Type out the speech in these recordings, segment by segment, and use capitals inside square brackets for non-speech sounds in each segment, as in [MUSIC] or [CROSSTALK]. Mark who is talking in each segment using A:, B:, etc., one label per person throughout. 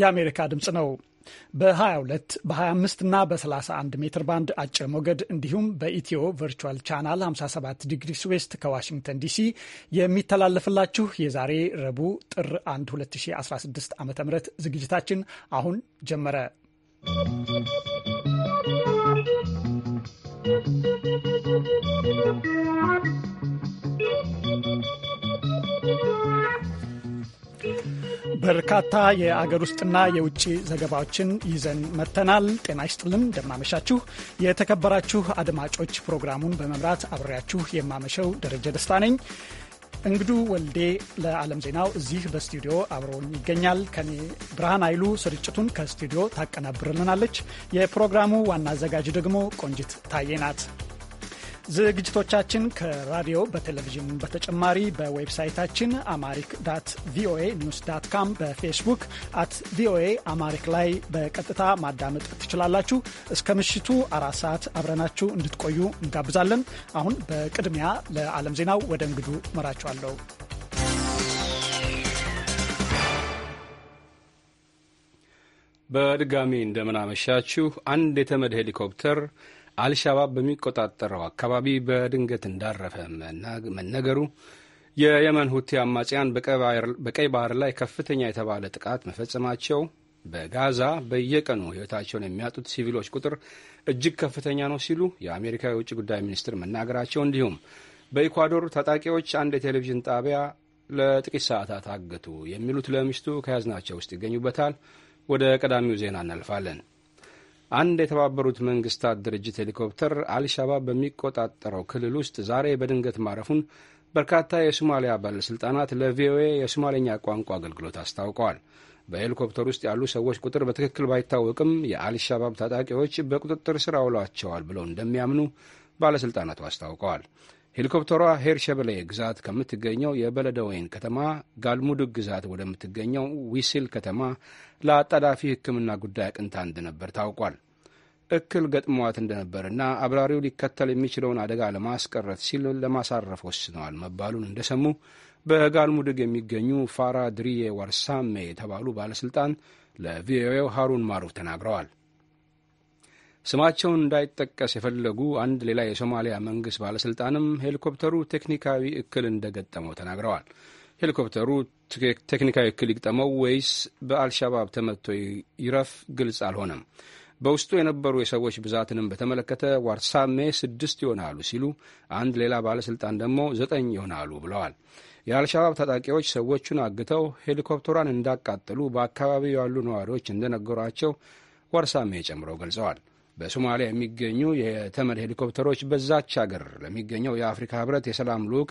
A: የአሜሪካ ድምፅ ነው። በ22 በ25 እና በ31 ሜትር ባንድ አጭር ሞገድ እንዲሁም በኢትዮ ቨርቹዋል ቻናል 57 ዲግሪ ዌስት ከዋሽንግተን ዲሲ የሚተላለፍላችሁ የዛሬ ረቡዕ ጥር 1 2016 ዓ ም ዝግጅታችን አሁን ጀመረ።
B: ¶¶
A: በርካታ የአገር ውስጥና የውጭ ዘገባዎችን ይዘን መጥተናል። ጤና ይስጥልን፣ እንደምናመሻችሁ የተከበራችሁ አድማጮች። ፕሮግራሙን በመምራት አብሬያችሁ የማመሸው ደረጀ ደስታ ነኝ። እንግዱ ወልዴ ለዓለም ዜናው እዚህ በስቱዲዮ አብሮን ይገኛል። ከኔ ብርሃን ኃይሉ ስርጭቱን ከስቱዲዮ ታቀናብርልናለች። የፕሮግራሙ ዋና አዘጋጅ ደግሞ ቆንጅት ታዬ ናት። ዝግጅቶቻችን ከራዲዮ በቴሌቪዥን በተጨማሪ በዌብሳይታችን አማሪክ ዳት ቪኦኤ ኒውስ ዳት ካም በፌስቡክ አት ቪኦኤ አማሪክ ላይ በቀጥታ ማዳመጥ ትችላላችሁ። እስከ ምሽቱ አራት ሰዓት አብረናችሁ እንድትቆዩ እንጋብዛለን። አሁን በቅድሚያ ለዓለም ዜናው ወደ እንግዱ መራችኋለሁ።
C: በድጋሚ እንደምናመሻችሁ አንድ የተመድ ሄሊኮፕተር አልሻባብ በሚቆጣጠረው አካባቢ በድንገት እንዳረፈ መነገሩ፣ የየመን ሁቲ አማጽያን በቀይ ባህር ላይ ከፍተኛ የተባለ ጥቃት መፈጸማቸው፣ በጋዛ በየቀኑ ሕይወታቸውን የሚያጡት ሲቪሎች ቁጥር እጅግ ከፍተኛ ነው ሲሉ የአሜሪካ የውጭ ጉዳይ ሚኒስትር መናገራቸው፣ እንዲሁም በኢኳዶር ታጣቂዎች አንድ የቴሌቪዥን ጣቢያ ለጥቂት ሰዓታት አገቱ የሚሉት ለምሽቱ ከያዝናቸው ውስጥ ይገኙበታል። ወደ ቀዳሚው ዜና እናልፋለን። አንድ የተባበሩት መንግስታት ድርጅት ሄሊኮፕተር አልሻባብ በሚቆጣጠረው ክልል ውስጥ ዛሬ በድንገት ማረፉን በርካታ የሶማሊያ ባለሥልጣናት ለቪኦኤ የሶማሌኛ ቋንቋ አገልግሎት አስታውቀዋል። በሄሊኮፕተር ውስጥ ያሉ ሰዎች ቁጥር በትክክል ባይታወቅም የአልሻባብ ታጣቂዎች በቁጥጥር ስር አውሏቸዋል ብለው እንደሚያምኑ ባለሥልጣናቱ አስታውቀዋል። ሄሊኮፕተሯ ሄርሸበሌ ግዛት ከምትገኘው የበለደወይን ከተማ ጋልሙዱግ ግዛት ወደምትገኘው ዊስል ከተማ ለአጣዳፊ ሕክምና ጉዳይ አቅንታ እንደነበር ታውቋል። እክል ገጥሟት እንደነበርና አብራሪው ሊከተል የሚችለውን አደጋ ለማስቀረት ሲል ለማሳረፍ ወስነዋል መባሉን እንደሰሙ በጋልሙድግ የሚገኙ ፋራ ድሪዬ ዋርሳሜ የተባሉ ባለሥልጣን ለቪኦኤው ሃሩን ማሩፍ ተናግረዋል። ስማቸውን እንዳይጠቀስ የፈለጉ አንድ ሌላ የሶማሊያ መንግስት ባለሥልጣንም ሄሊኮፕተሩ ቴክኒካዊ እክል እንደገጠመው ተናግረዋል። ሄሊኮፕተሩ ቴክኒካዊ እክል ይግጠመው ወይስ በአልሻባብ ተመቶ ይረፍ ግልጽ አልሆነም። በውስጡ የነበሩ የሰዎች ብዛትንም በተመለከተ ዋርሳሜ ስድስት ይሆናሉ ሲሉ፣ አንድ ሌላ ባለሥልጣን ደግሞ ዘጠኝ ይሆናሉ ብለዋል። የአልሻባብ ታጣቂዎች ሰዎቹን አግተው ሄሊኮፕተሯን እንዳቃጠሉ በአካባቢው ያሉ ነዋሪዎች እንደነገሯቸው ዋርሳሜ ጨምረው ገልጸዋል። በሶማሊያ የሚገኙ የተመድ ሄሊኮፕተሮች በዛች አገር ለሚገኘው የአፍሪካ ህብረት የሰላም ልዑክ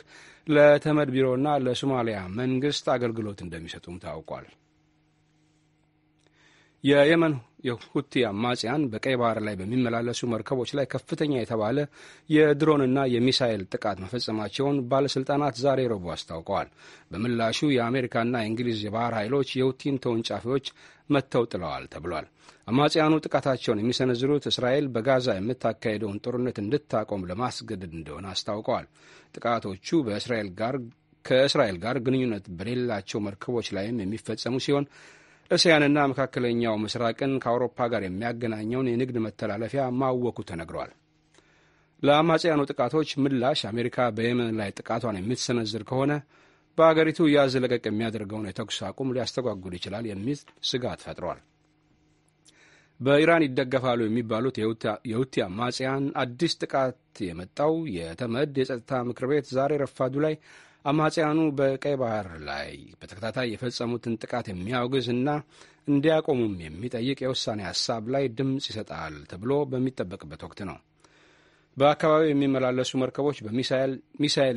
C: ለተመድ ቢሮና ለሶማሊያ መንግስት አገልግሎት እንደሚሰጡም ታውቋል። የየመን የሁቲ አማጽያን በቀይ ባህር ላይ በሚመላለሱ መርከቦች ላይ ከፍተኛ የተባለ የድሮንና የሚሳይል ጥቃት መፈጸማቸውን ባለሥልጣናት ዛሬ ረቡዕ አስታውቀዋል። በምላሹ የአሜሪካና የእንግሊዝ የባህር ኃይሎች የሁቲን ተወንጫፊዎች መጥተው ጥለዋል ተብሏል። አማጽያኑ ጥቃታቸውን የሚሰነዝሩት እስራኤል በጋዛ የምታካሄደውን ጦርነት እንድታቆም ለማስገደድ እንደሆነ አስታውቀዋል። ጥቃቶቹ በእስራኤል ጋር ከእስራኤል ጋር ግንኙነት በሌላቸው መርከቦች ላይም የሚፈጸሙ ሲሆን እስያንና መካከለኛው ምስራቅን ከአውሮፓ ጋር የሚያገናኘውን የንግድ መተላለፊያ ማወኩ ተነግሯል። ለአማጽያኑ ጥቃቶች ምላሽ አሜሪካ በየመን ላይ ጥቃቷን የምትሰነዝር ከሆነ በአገሪቱ ያዝ ለቀቅ የሚያደርገውን የተኩስ አቁም ሊያስተጓጉል ይችላል የሚል ስጋት ፈጥሯል። በኢራን ይደገፋሉ የሚባሉት የውቲ አማጽያን አዲስ ጥቃት የመጣው የተመድ የጸጥታ ምክር ቤት ዛሬ ረፋዱ ላይ አማጽያኑ በቀይ ባህር ላይ በተከታታይ የፈጸሙትን ጥቃት የሚያወግዝ እና እንዲያቆሙም የሚጠይቅ የውሳኔ ሀሳብ ላይ ድምፅ ይሰጣል ተብሎ በሚጠበቅበት ወቅት ነው። በአካባቢው የሚመላለሱ መርከቦች በሚሳኤል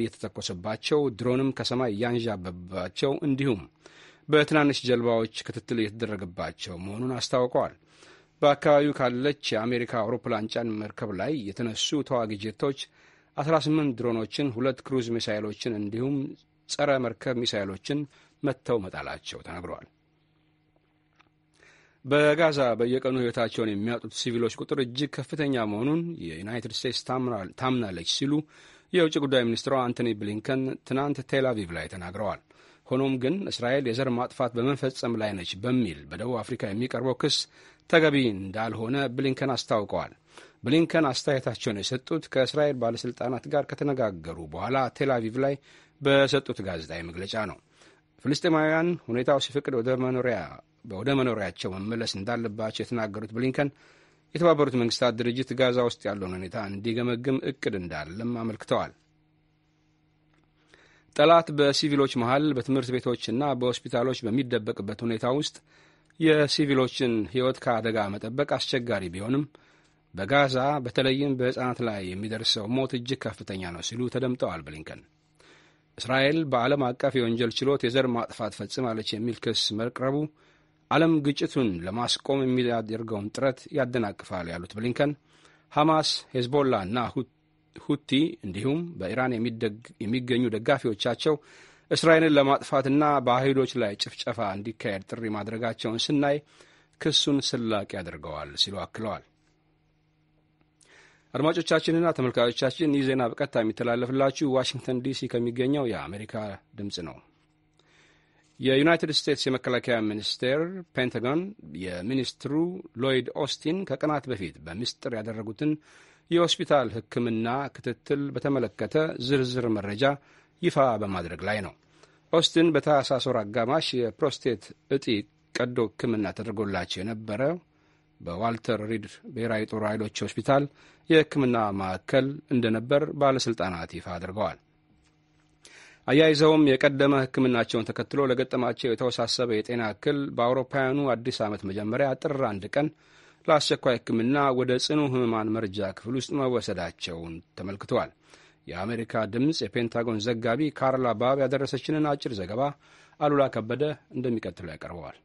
C: እየተተኮሰባቸው፣ ድሮንም ከሰማይ እያንዣበባቸው እንዲሁም በትናንሽ ጀልባዎች ክትትል እየተደረገባቸው መሆኑን አስታውቀዋል። በአካባቢው ካለች የአሜሪካ አውሮፕላን ጫን መርከብ ላይ የተነሱ ተዋጊ ጄቶች 18 ድሮኖችን፣ ሁለት ክሩዝ ሚሳይሎችን እንዲሁም ጸረ መርከብ ሚሳይሎችን መጥተው መጣላቸው ተነግረዋል። በጋዛ በየቀኑ ሕይወታቸውን የሚያጡት ሲቪሎች ቁጥር እጅግ ከፍተኛ መሆኑን የዩናይትድ ስቴትስ ታምናለች ሲሉ የውጭ ጉዳይ ሚኒስትሯ አንቶኒ ብሊንከን ትናንት ቴል ላይ ተናግረዋል። ሆኖም ግን እስራኤል የዘር ማጥፋት በመፈጸም ላይ ነች በሚል በደቡብ አፍሪካ የሚቀርበው ክስ ተገቢ እንዳልሆነ ብሊንከን አስታውቀዋል። ብሊንከን አስተያየታቸውን የሰጡት ከእስራኤል ባለሥልጣናት ጋር ከተነጋገሩ በኋላ አቪቭ ላይ በሰጡት ጋዜጣዊ መግለጫ ነው። ፍልስጤማውያን ሁኔታው ሲፈቅድ ወደ መኖሪያቸው መመለስ እንዳለባቸው የተናገሩት ብሊንከን የተባበሩት መንግስታት ድርጅት ጋዛ ውስጥ ያለውን ሁኔታ እንዲገመግም እቅድ እንዳለም አመልክተዋል። ጠላት በሲቪሎች መሀል በትምህርት ቤቶችና በሆስፒታሎች በሚደበቅበት ሁኔታ ውስጥ የሲቪሎችን ሕይወት ከአደጋ መጠበቅ አስቸጋሪ ቢሆንም በጋዛ በተለይም በሕፃናት ላይ የሚደርሰው ሞት እጅግ ከፍተኛ ነው ሲሉ ተደምጠዋል ብሊንከን። እስራኤል በዓለም አቀፍ የወንጀል ችሎት የዘር ማጥፋት ፈጽማለች የሚል ክስ መቅረቡ ዓለም ግጭቱን ለማስቆም የሚያደርገውን ጥረት ያደናቅፋል ያሉት ብሊንከን ሐማስ፣ ሄዝቦላ እና ሁቲ እንዲሁም በኢራን የሚገኙ ደጋፊዎቻቸው እስራኤልን ለማጥፋትና በአይሁዶች ላይ ጭፍጨፋ እንዲካሄድ ጥሪ ማድረጋቸውን ስናይ ክሱን ስላቅ ያደርገዋል ሲሉ አክለዋል። አድማጮቻችንና ተመልካቾቻችን ይህ ዜና በቀጥታ የሚተላለፍላችሁ ዋሽንግተን ዲሲ ከሚገኘው የአሜሪካ ድምፅ ነው። የዩናይትድ ስቴትስ የመከላከያ ሚኒስቴር ፔንታጎን የሚኒስትሩ ሎይድ ኦስቲን ከቀናት በፊት በምስጢር ያደረጉትን የሆስፒታል ሕክምና ክትትል በተመለከተ ዝርዝር መረጃ ይፋ በማድረግ ላይ ነው። ኦስቲን በታህሳስ ወር አጋማሽ የፕሮስቴት እጢ ቀዶ ሕክምና ተደርጎላቸው የነበረው በዋልተር ሪድ ብሔራዊ ጦር ኃይሎች ሆስፒታል የሕክምና ማዕከል እንደነበር ባለሥልጣናት ይፋ አድርገዋል። አያይዘውም የቀደመ ሕክምናቸውን ተከትሎ ለገጠማቸው የተወሳሰበ የጤና እክል በአውሮፓውያኑ አዲስ ዓመት መጀመሪያ ጥር አንድ ቀን ለአስቸኳይ ሕክምና ወደ ጽኑ ህሙማን መርጃ ክፍል ውስጥ መወሰዳቸውን ተመልክተዋል። የአሜሪካ ድምፅ የፔንታጎን ዘጋቢ ካርላ ባብ ያደረሰችንን አጭር ዘገባ አሉላ ከበደ እንደሚቀጥለው ያቀርበዋል።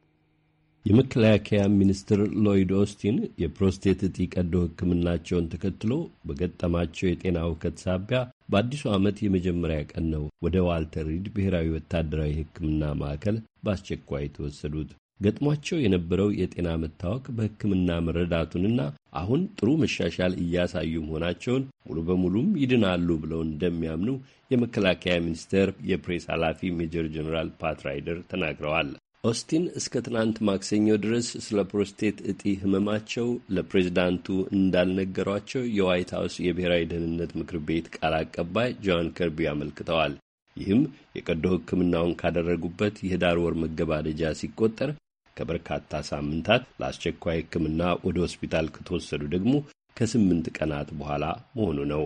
D: የመከላከያ ሚኒስትር ሎይድ ኦስቲን የፕሮስቴት እጢ ቀዶ ሕክምናቸውን ተከትሎ በገጠማቸው የጤና እውከት ሳቢያ በአዲሱ ዓመት የመጀመሪያ ቀን ነው ወደ ዋልተር ሪድ ብሔራዊ ወታደራዊ ሕክምና ማዕከል በአስቸኳይ የተወሰዱት። ገጥሟቸው የነበረው የጤና መታወክ በሕክምና መረዳቱንና አሁን ጥሩ መሻሻል እያሳዩ መሆናቸውን ሙሉ በሙሉም ይድናሉ ብለው እንደሚያምኑ የመከላከያ ሚኒስቴር የፕሬስ ኃላፊ ሜጀር ጀኔራል ፓትራይደር ተናግረዋል። ኦስቲን እስከ ትናንት ማክሰኞ ድረስ ስለ ፕሮስቴት እጢ ህመማቸው ለፕሬዚዳንቱ እንዳልነገሯቸው የዋይት ሀውስ የብሔራዊ ደህንነት ምክር ቤት ቃል አቀባይ ጆን ከርቢ አመልክተዋል። ይህም የቀዶ ሕክምናውን ካደረጉበት የህዳር ወር መገባደጃ ሲቆጠር ከበርካታ ሳምንታት፣ ለአስቸኳይ ሕክምና ወደ ሆስፒታል ከተወሰዱ ደግሞ ከስምንት ቀናት በኋላ መሆኑ ነው።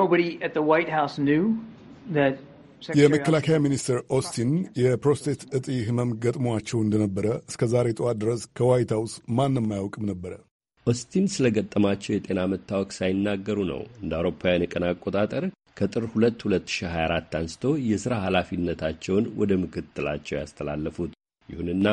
E: Nobody at the White House knew that የመከላከያ
F: ሚኒስትር ኦስቲን የፕሮስቴት እጢ ህመም ገጥሟቸው እንደነበረ እስከ ዛሬ ጠዋት ድረስ ከዋይት ሀውስ ማንም አያውቅም ነበረ። ኦስቲን ስለ ገጠማቸው የጤና
D: መታወክ ሳይናገሩ ነው እንደ አውሮፓውያን የቀን አቆጣጠር ከጥር 2 2024 አንስቶ የሥራ ኃላፊነታቸውን ወደ ምክትላቸው ያስተላለፉት። ይሁንና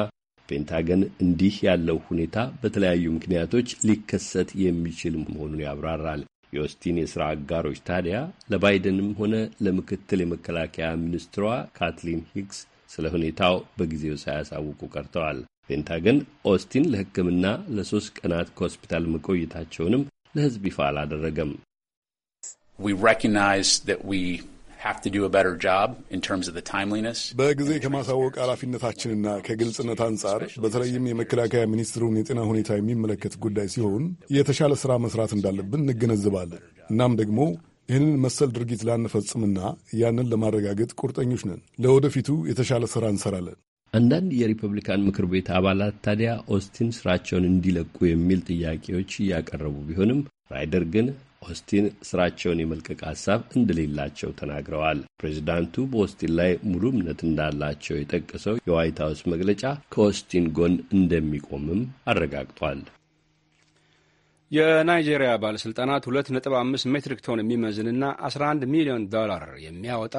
D: ፔንታገን እንዲህ ያለው ሁኔታ በተለያዩ ምክንያቶች ሊከሰት የሚችል መሆኑን ያብራራል። የኦስቲን የሥራ አጋሮች ታዲያ ለባይደንም ሆነ ለምክትል የመከላከያ ሚኒስትሯ ካትሊን ሂግስ ስለ ሁኔታው በጊዜው ሳያሳውቁ ቀርተዋል። ፔንታገን ኦስቲን ለሕክምና ለሶስት ቀናት ከሆስፒታል መቆየታቸውንም ለሕዝብ ይፋ አላደረገም። We recognize that we
F: በጊዜ ከማሳወቅ ኃላፊነታችንና ከግልጽነት አንጻር በተለይም የመከላከያ ሚኒስትሩን የጤና ሁኔታ የሚመለከት ጉዳይ ሲሆን የተሻለ ሥራ መስራት እንዳለብን እንገነዘባለን። እናም ደግሞ ይህንን መሰል ድርጊት ላንፈጽምና ያንን ለማረጋገጥ ቁርጠኞች ነን። ለወደፊቱ የተሻለ ሥራ እንሰራለን። አንዳንድ የሪፐብሊካን ምክር ቤት
D: አባላት ታዲያ ኦስቲን ስራቸውን እንዲለቁ የሚል ጥያቄዎች እያቀረቡ ቢሆንም ራይደር ግን ኦስቲን ስራቸውን የመልቀቅ ሀሳብ እንደሌላቸው ተናግረዋል። ፕሬዚዳንቱ በኦስቲን ላይ ሙሉ እምነት እንዳላቸው የጠቀሰው የዋይት ሀውስ መግለጫ ከኦስቲን ጎን እንደሚቆምም አረጋግጧል።
C: የናይጄሪያ ባለሥልጣናት 2.5 ሜትሪክ ቶን የሚመዝንና 11 ሚሊዮን ዶላር የሚያወጣ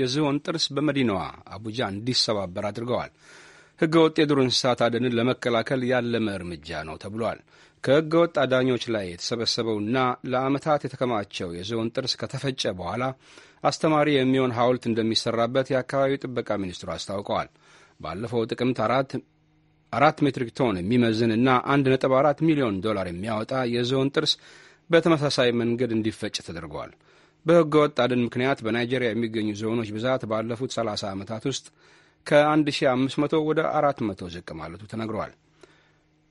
C: የዝሆን ጥርስ በመዲናዋ አቡጃ እንዲሰባበር አድርገዋል። ሕገ ወጥ የዱር እንስሳት አደንን ለመከላከል ያለመ እርምጃ ነው ተብሏል። ከሕገ ወጥ አዳኞች ላይ የተሰበሰበውና ለዓመታት የተከማቸው የዝሆን ጥርስ ከተፈጨ በኋላ አስተማሪ የሚሆን ሐውልት እንደሚሰራበት የአካባቢው ጥበቃ ሚኒስትሩ አስታውቀዋል። ባለፈው ጥቅምት አራት አራት ሜትሪክ ቶን የሚመዝንና 1.4 ሚሊዮን ዶላር የሚያወጣ የዝሆን ጥርስ በተመሳሳይ መንገድ እንዲፈጭ ተደርጓል። በሕገ ወጥ አደን ምክንያት በናይጄሪያ የሚገኙ ዝሆኖች ብዛት ባለፉት 30 ዓመታት ውስጥ ከ1500 ወደ 400 ዝቅ ማለቱ ተነግሯል።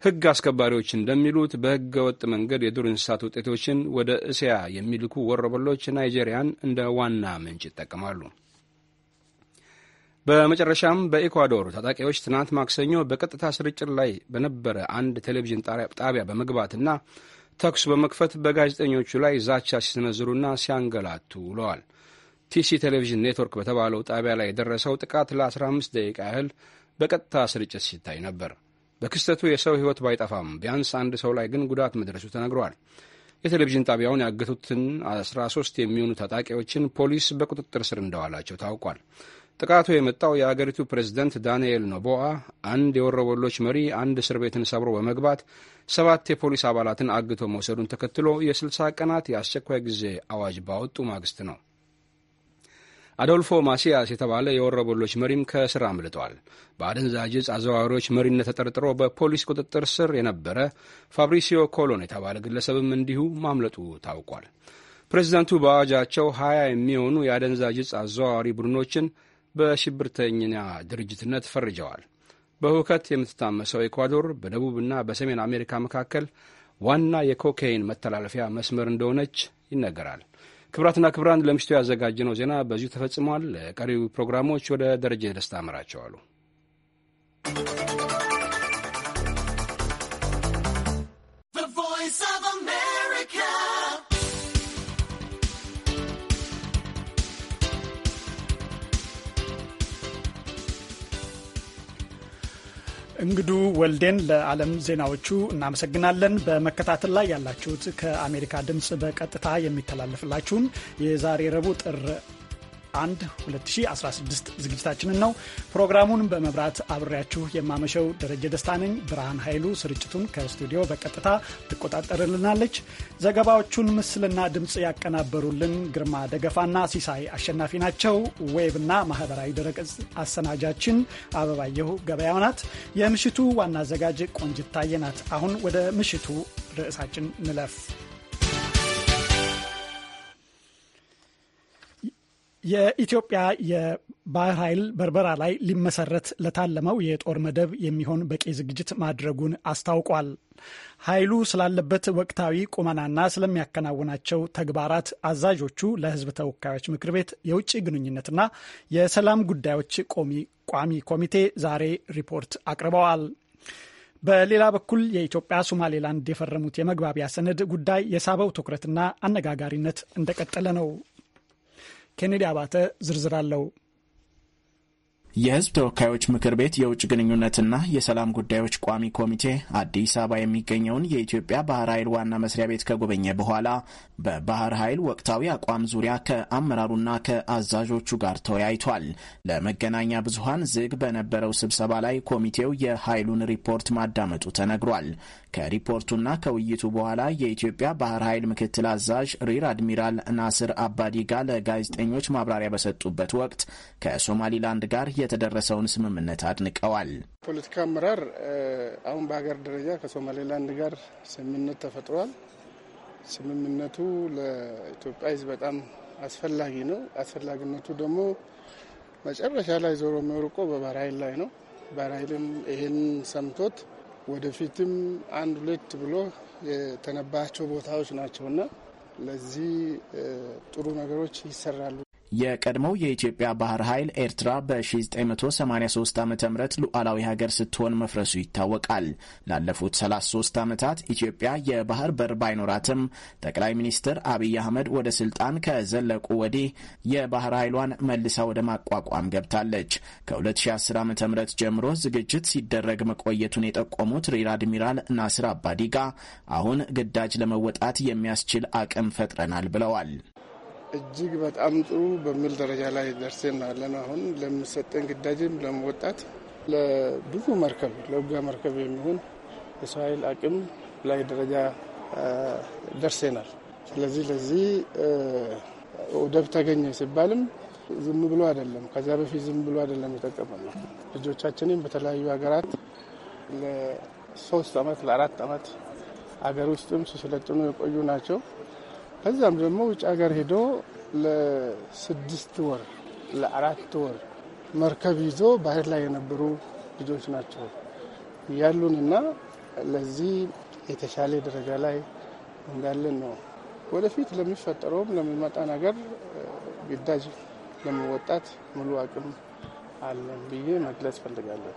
C: ሕግ አስከባሪዎች እንደሚሉት በሕገ ወጥ መንገድ የዱር እንስሳት ውጤቶችን ወደ እስያ የሚልኩ ወሮበሎች ናይጄሪያን እንደ ዋና ምንጭ ይጠቀማሉ። በመጨረሻም በኢኳዶር ታጣቂዎች ትናንት ማክሰኞ በቀጥታ ስርጭት ላይ በነበረ አንድ ቴሌቪዥን ጣቢያ በመግባትና ተኩስ በመክፈት በጋዜጠኞቹ ላይ ዛቻ ሲሰነዝሩና ሲያንገላቱ ውለዋል። ቲሲ ቴሌቪዥን ኔትወርክ በተባለው ጣቢያ ላይ የደረሰው ጥቃት ለ15 ደቂቃ ያህል በቀጥታ ስርጭት ሲታይ ነበር። በክስተቱ የሰው ሕይወት ባይጠፋም ቢያንስ አንድ ሰው ላይ ግን ጉዳት መድረሱ ተነግሯል። የቴሌቪዥን ጣቢያውን ያገቱትን 13 የሚሆኑ ታጣቂዎችን ፖሊስ በቁጥጥር ስር እንደዋላቸው ታውቋል። ጥቃቱ የመጣው የአገሪቱ ፕሬዝደንት ዳንኤል ኖቦአ አንድ የወሮበሎች መሪ አንድ እስር ቤትን ሰብሮ በመግባት ሰባት የፖሊስ አባላትን አግቶ መውሰዱን ተከትሎ የ60 ቀናት የአስቸኳይ ጊዜ አዋጅ ባወጡ ማግስት ነው። አዶልፎ ማሲያስ የተባለ የወሮበሎች መሪም ከስር አምልጠዋል። በአደንዛዥ ዕፅ አዘዋዋሪዎች መሪነት ተጠርጥሮ በፖሊስ ቁጥጥር ስር የነበረ ፋብሪሲዮ ኮሎን የተባለ ግለሰብም እንዲሁ ማምለጡ ታውቋል። ፕሬዚዳንቱ በአዋጃቸው ሀያ የሚሆኑ የአደንዛዥ ዕፅ አዘዋዋሪ ቡድኖችን በሽብርተኛ ድርጅትነት ፈርጀዋል። በሁከት የምትታመሰው ኤኳዶር በደቡብና በሰሜን አሜሪካ መካከል ዋና የኮካይን መተላለፊያ መስመር እንደሆነች ይነገራል። ክብራትና ክብራን ለምሽቱ ያዘጋጀነው ዜና በዚሁ ተፈጽሟል። ለቀሪው ፕሮግራሞች ወደ ደረጀ ደስታ አመራቸዋሉ።
A: እንግዱ ወልዴን ለዓለም ዜናዎቹ እናመሰግናለን። በመከታተል ላይ ያላችሁት ከአሜሪካ ድምፅ በቀጥታ የሚተላለፍላችሁን የዛሬ ረቡዕ ጥር 1 2016 ዝግጅታችንን ነው። ፕሮግራሙን በመብራት አብሬያችሁ የማመሸው ደረጀ ደስታ ነኝ። ብርሃን ኃይሉ ስርጭቱን ከስቱዲዮ በቀጥታ ትቆጣጠርልናለች። ዘገባዎቹን ምስልና ድምፅ ያቀናበሩልን ግርማ ደገፋና ሲሳይ አሸናፊ ናቸው። ዌብና ማህበራዊ ድረገጽ አሰናጃችን አበባየሁ ገበያው ናት። የምሽቱ ዋና አዘጋጅ ቆንጅት አሁን ወደ ምሽቱ ርዕሳችን ንለፍ። የኢትዮጵያ የባህር ኃይል በርበራ ላይ ሊመሰረት ለታለመው የጦር መደብ የሚሆን በቂ ዝግጅት ማድረጉን አስታውቋል። ኃይሉ ስላለበት ወቅታዊ ቁመናና ስለሚያከናውናቸው ተግባራት አዛዦቹ ለሕዝብ ተወካዮች ምክር ቤት የውጭ ግንኙነትና የሰላም ጉዳዮች ቋሚ ኮሚቴ ዛሬ ሪፖርት አቅርበዋል። በሌላ በኩል የኢትዮጵያ ሶማሌላንድ የፈረሙት የመግባቢያ ሰነድ ጉዳይ የሳበው ትኩረትና አነጋጋሪነት እንደቀጠለ ነው። ኬኔዲ አባተ ዝርዝር አለው።
G: የህዝብ ተወካዮች ምክር ቤት የውጭ ግንኙነትና የሰላም ጉዳዮች ቋሚ ኮሚቴ አዲስ አበባ የሚገኘውን የኢትዮጵያ ባህር ኃይል ዋና መስሪያ ቤት ከጎበኘ በኋላ በባህር ኃይል ወቅታዊ አቋም ዙሪያ ከአመራሩና ከአዛዦቹ ጋር ተወያይቷል። ለመገናኛ ብዙሀን ዝግ በነበረው ስብሰባ ላይ ኮሚቴው የኃይሉን ሪፖርት ማዳመጡ ተነግሯል። ከሪፖርቱና ከውይይቱ በኋላ የኢትዮጵያ ባህር ኃይል ምክትል አዛዥ ሪር አድሚራል ናስር አባዲ ጋር ለጋዜጠኞች ማብራሪያ በሰጡበት ወቅት ከሶማሊላንድ ጋር የተደረሰውን ስምምነት አድንቀዋል።
H: ፖለቲካ አመራር አሁን በሀገር ደረጃ ከሶማሌላንድ ጋር ስምምነት ተፈጥሯል። ስምምነቱ ለኢትዮጵያ ሕዝብ በጣም አስፈላጊ ነው። አስፈላጊነቱ ደግሞ መጨረሻ ላይ ዞሮ የሚወርቆ በባህር ኃይል ላይ ነው። ባህር ኃይልም ይህን ሰምቶት ወደፊትም አንድ ሁለት ብሎ የተነባቸው ቦታዎች ናቸውና ለዚህ ጥሩ ነገሮች ይሰራሉ
G: የቀድሞው የኢትዮጵያ ባህር ኃይል ኤርትራ በ1983 ዓ ም ሉዓላዊ ሀገር ስትሆን መፍረሱ ይታወቃል። ላለፉት 33 ዓመታት ኢትዮጵያ የባህር በር ባይኖራትም ጠቅላይ ሚኒስትር አብይ አህመድ ወደ ስልጣን ከዘለቁ ወዲህ የባህር ኃይሏን መልሳ ወደ ማቋቋም ገብታለች። ከ2010 ዓ ም ጀምሮ ዝግጅት ሲደረግ መቆየቱን የጠቆሙት ሪር አድሚራል ናስር አባዲጋ አሁን ግዳጅ ለመወጣት የሚያስችል አቅም ፈጥረናል ብለዋል።
H: እጅግ በጣም ጥሩ በሚል ደረጃ ላይ ደርሰን አሁን ለሚሰጠን ግዳጅም ለመወጣት ለብዙ መርከብ ለውጊያ መርከብ የሚሆን የሰው ኃይል አቅም ላይ ደረጃ ደርሰናል። ስለዚህ ለዚህ ወደብ ተገኘ ሲባልም ዝም ብሎ አይደለም፣ ከዚያ በፊት ዝም ብሎ አይደለም የጠቀመ ነው። ልጆቻችንም በተለያዩ ሀገራት ለሶስት አመት ለአራት አመት ሀገር ውስጥም ሲሰለጥኑ የቆዩ ናቸው። ከዚያም ደግሞ ውጭ ሀገር ሄዶ ለስድስት ወር ለአራት ወር መርከብ ይዞ ባህር ላይ የነበሩ ልጆች ናቸው ያሉንና ለዚህ የተሻለ ደረጃ ላይ እንዳለን ነው። ወደፊት ለሚፈጠረውም ለሚመጣ ነገር ግዳጅ ለመወጣት ሙሉ አቅም አለን ብዬ መግለጽ ፈልጋለሁ።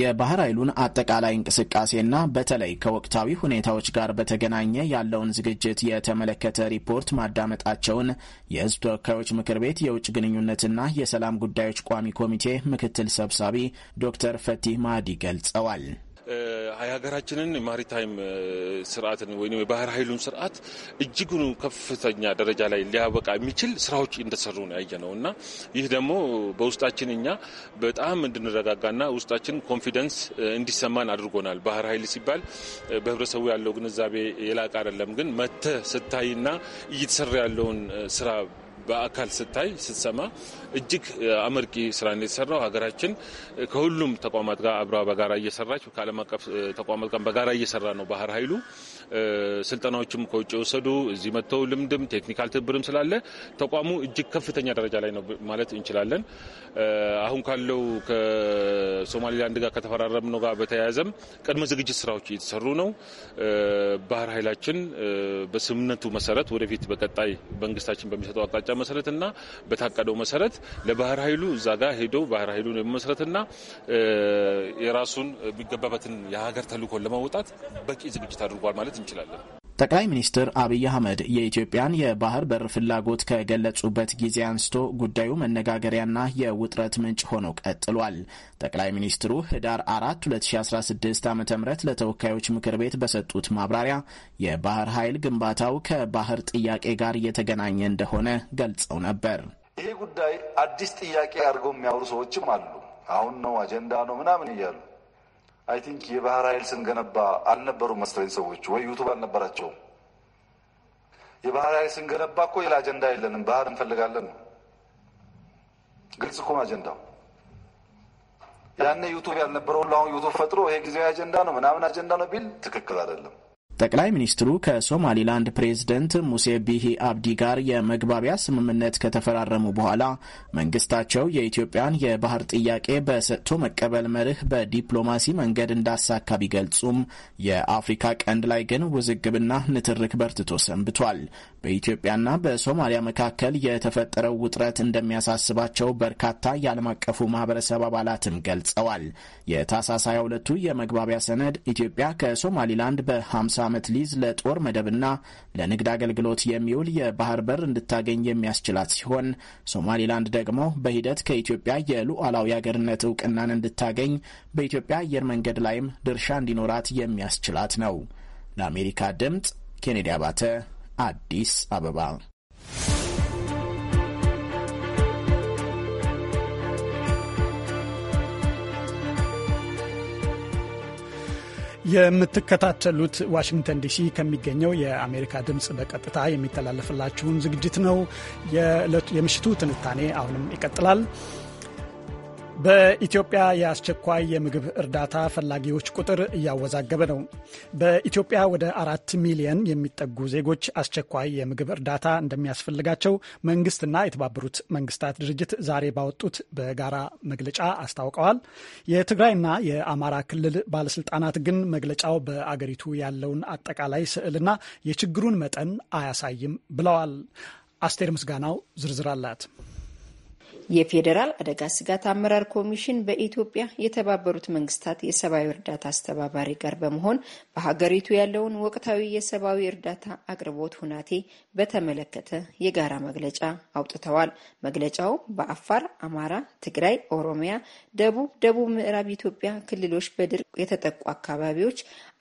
G: የባህር ኃይሉን አጠቃላይ እንቅስቃሴና በተለይ ከወቅታዊ ሁኔታዎች ጋር በተገናኘ ያለውን ዝግጅት የተመለከተ ሪፖርት ማዳመጣቸውን የህዝብ ተወካዮች ምክር ቤት የውጭ ግንኙነትና የሰላም ጉዳዮች ቋሚ ኮሚቴ ምክትል ሰብሳቢ ዶክተር ፈቲህ ማህዲ ገልጸዋል።
I: የሀገራችንን ማሪታይም ስርዓትን ወይም የባህር ኃይሉን ስርዓት እጅጉን ከፍተኛ ደረጃ ላይ ሊያበቃ የሚችል ስራዎች እንደሰሩ ነው ያየ ነው እና ይህ ደግሞ በውስጣችን እኛ በጣም እንድንረጋጋና ውስጣችን ኮንፊደንስ እንዲሰማን አድርጎናል። ባህር ኃይል ሲባል በህብረተሰቡ ያለው ግንዛቤ የላቀ አይደለም፣ ግን መተህ ስታይና እየተሰራ ያለውን ስራ በአካል ስታይ ስትሰማ እጅግ አመርቂ ስራ ነው የተሰራው። ሀገራችን ከሁሉም ተቋማት ጋር አብራ በጋራ እየሰራች ከዓለም አቀፍ ተቋማት ጋር በጋራ እየሰራ ነው ባህር ኃይሉ ስልጠናዎችም ከውጭ የወሰዱ እዚህ መጥተው ልምድም ቴክኒካል ትብብርም ስላለ ተቋሙ እጅግ ከፍተኛ ደረጃ ላይ ነው ማለት እንችላለን። አሁን ካለው ከሶማሌላንድ ጋር ከተፈራረምነው ጋር በተያያዘም ቅድመ ዝግጅት ስራዎች እየተሰሩ ነው። ባህር ኃይላችን በስምምነቱ መሰረት ወደፊት በቀጣይ መንግስታችን በሚሰጠው አቅጣጫ መሰረት እና በታቀደው መሰረት ለባህር ኃይሉ እዛ ጋር ሄደው ባህር ኃይሉን የመመስረትና የራሱን የሚገባበትን የሀገር ተልዕኮን ለማውጣት በቂ ዝግጅት አድርጓል ማለት እንችላለን።
G: ጠቅላይ ሚኒስትር አብይ አህመድ የኢትዮጵያን የባህር በር ፍላጎት ከገለጹበት ጊዜ አንስቶ ጉዳዩ መነጋገሪያና የውጥረት ምንጭ ሆኖ ቀጥሏል። ጠቅላይ ሚኒስትሩ ህዳር 4 2016 ዓ ም ለተወካዮች ምክር ቤት በሰጡት ማብራሪያ የባህር ኃይል ግንባታው ከባህር ጥያቄ ጋር እየተገናኘ እንደሆነ ገልጸው ነበር።
J: ይሄ ጉዳይ አዲስ ጥያቄ አድርገው የሚያወሩ ሰዎችም አሉ። አሁን ነው አጀንዳ ነው ምናምን እያሉ አይ ቲንክ የባህር ኃይል ስንገነባ አልነበሩ መስለኝ ሰዎች ወይ ዩቱብ አልነበራቸውም። የባህር ኃይል ስንገነባ እኮ ሌላ አጀንዳ የለንም፣ ባህር እንፈልጋለን ነው። ግልጽ እኮ አጀንዳው ያኔ ዩቱብ ያልነበረ ሁሉ አሁን ዩቱብ ፈጥሮ ይሄ ጊዜያዊ አጀንዳ ነው ምናምን አጀንዳ ነው ቢል ትክክል አይደለም።
G: ጠቅላይ ሚኒስትሩ ከሶማሊላንድ ፕሬዝደንት ሙሴ ቢሂ አብዲ ጋር የመግባቢያ ስምምነት ከተፈራረሙ በኋላ መንግስታቸው የኢትዮጵያን የባህር ጥያቄ በሰጥቶ መቀበል መርህ በዲፕሎማሲ መንገድ እንዳሳካ ቢገልጹም የአፍሪካ ቀንድ ላይ ግን ውዝግብና ንትርክ በርትቶ ሰንብቷል። በኢትዮጵያና በሶማሊያ መካከል የተፈጠረው ውጥረት እንደሚያሳስባቸው በርካታ የዓለም አቀፉ ማህበረሰብ አባላትም ገልጸዋል። የታህሳስ 22ቱ የመግባቢያ ሰነድ ኢትዮጵያ ከሶማሊላንድ በ50 ዓመት ሊዝ ለጦር መደብና ለንግድ አገልግሎት የሚውል የባህር በር እንድታገኝ የሚያስችላት ሲሆን ሶማሊላንድ ደግሞ በሂደት ከኢትዮጵያ የሉዓላዊ አገርነት እውቅናን እንድታገኝ በኢትዮጵያ አየር መንገድ ላይም ድርሻ እንዲኖራት የሚያስችላት ነው። ለአሜሪካ ድምፅ ኬኔዲ አባተ አዲስ አበባ
A: የምትከታተሉት ዋሽንግተን ዲሲ ከሚገኘው የአሜሪካ ድምፅ በቀጥታ የሚተላለፍላችሁን ዝግጅት ነው። የምሽቱ ትንታኔ አሁንም ይቀጥላል። በኢትዮጵያ የአስቸኳይ የምግብ እርዳታ ፈላጊዎች ቁጥር እያወዛገበ ነው። በኢትዮጵያ ወደ አራት ሚሊየን የሚጠጉ ዜጎች አስቸኳይ የምግብ እርዳታ እንደሚያስፈልጋቸው መንግስትና የተባበሩት መንግስታት ድርጅት ዛሬ ባወጡት በጋራ መግለጫ አስታውቀዋል። የትግራይና የአማራ ክልል ባለስልጣናት ግን መግለጫው በአገሪቱ ያለውን አጠቃላይ ስዕልና የችግሩን መጠን አያሳይም ብለዋል። አስቴር ምስጋናው ዝርዝር አላት።
E: የፌዴራል አደጋ ስጋት አመራር ኮሚሽን በኢትዮጵያ የተባበሩት መንግስታት የሰብአዊ እርዳታ አስተባባሪ ጋር በመሆን በሀገሪቱ ያለውን ወቅታዊ የሰብአዊ እርዳታ አቅርቦት ሁናቴ በተመለከተ የጋራ መግለጫ አውጥተዋል። መግለጫው በአፋር፣ አማራ፣ ትግራይ፣ ኦሮሚያ፣ ደቡብ፣ ደቡብ ምዕራብ ኢትዮጵያ ክልሎች በድርቅ የተጠቁ አካባቢዎች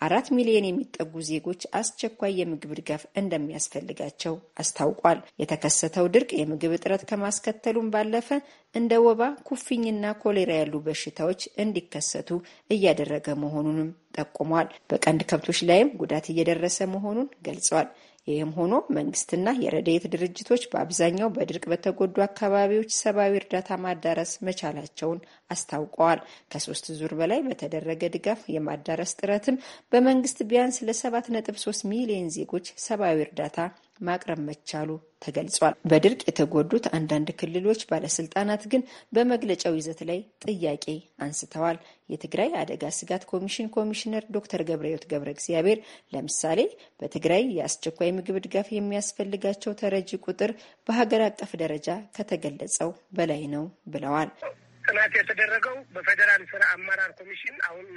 E: አራት ሚሊዮን የሚጠጉ ዜጎች አስቸኳይ የምግብ ድጋፍ እንደሚያስፈልጋቸው አስታውቋል። የተከሰተው ድርቅ የምግብ እጥረት ከማስከተሉም ባለፈ እንደ ወባ ኩፍኝና ኮሌራ ያሉ በሽታዎች እንዲከሰቱ እያደረገ መሆኑንም ጠቁመዋል። በቀንድ ከብቶች ላይም ጉዳት እየደረሰ መሆኑን ገልጸዋል። ይህም ሆኖ መንግስትና የረድኤት ድርጅቶች በአብዛኛው በድርቅ በተጎዱ አካባቢዎች ሰብአዊ እርዳታ ማዳረስ መቻላቸውን አስታውቀዋል። ከሶስት ዙር በላይ በተደረገ ድጋፍ የማዳረስ ጥረትም በመንግስት ቢያንስ ለ7.3 ሚሊዮን ዜጎች ሰብአዊ እርዳታ ማቅረብ መቻሉ ተገልጿል። በድርቅ የተጎዱት አንዳንድ ክልሎች ባለስልጣናት ግን በመግለጫው ይዘት ላይ ጥያቄ አንስተዋል። የትግራይ አደጋ ስጋት ኮሚሽን ኮሚሽነር ዶክተር ገብረዮት ገብረ እግዚአብሔር ለምሳሌ በትግራይ የአስቸኳይ ምግብ ድጋፍ የሚያስፈልጋቸው ተረጂ ቁጥር በሀገር አቀፍ ደረጃ ከተገለጸው በላይ ነው ብለዋል።
B: ጥናት የተደረገው በፌዴራል ስራ አመራር ኮሚሽን አሁን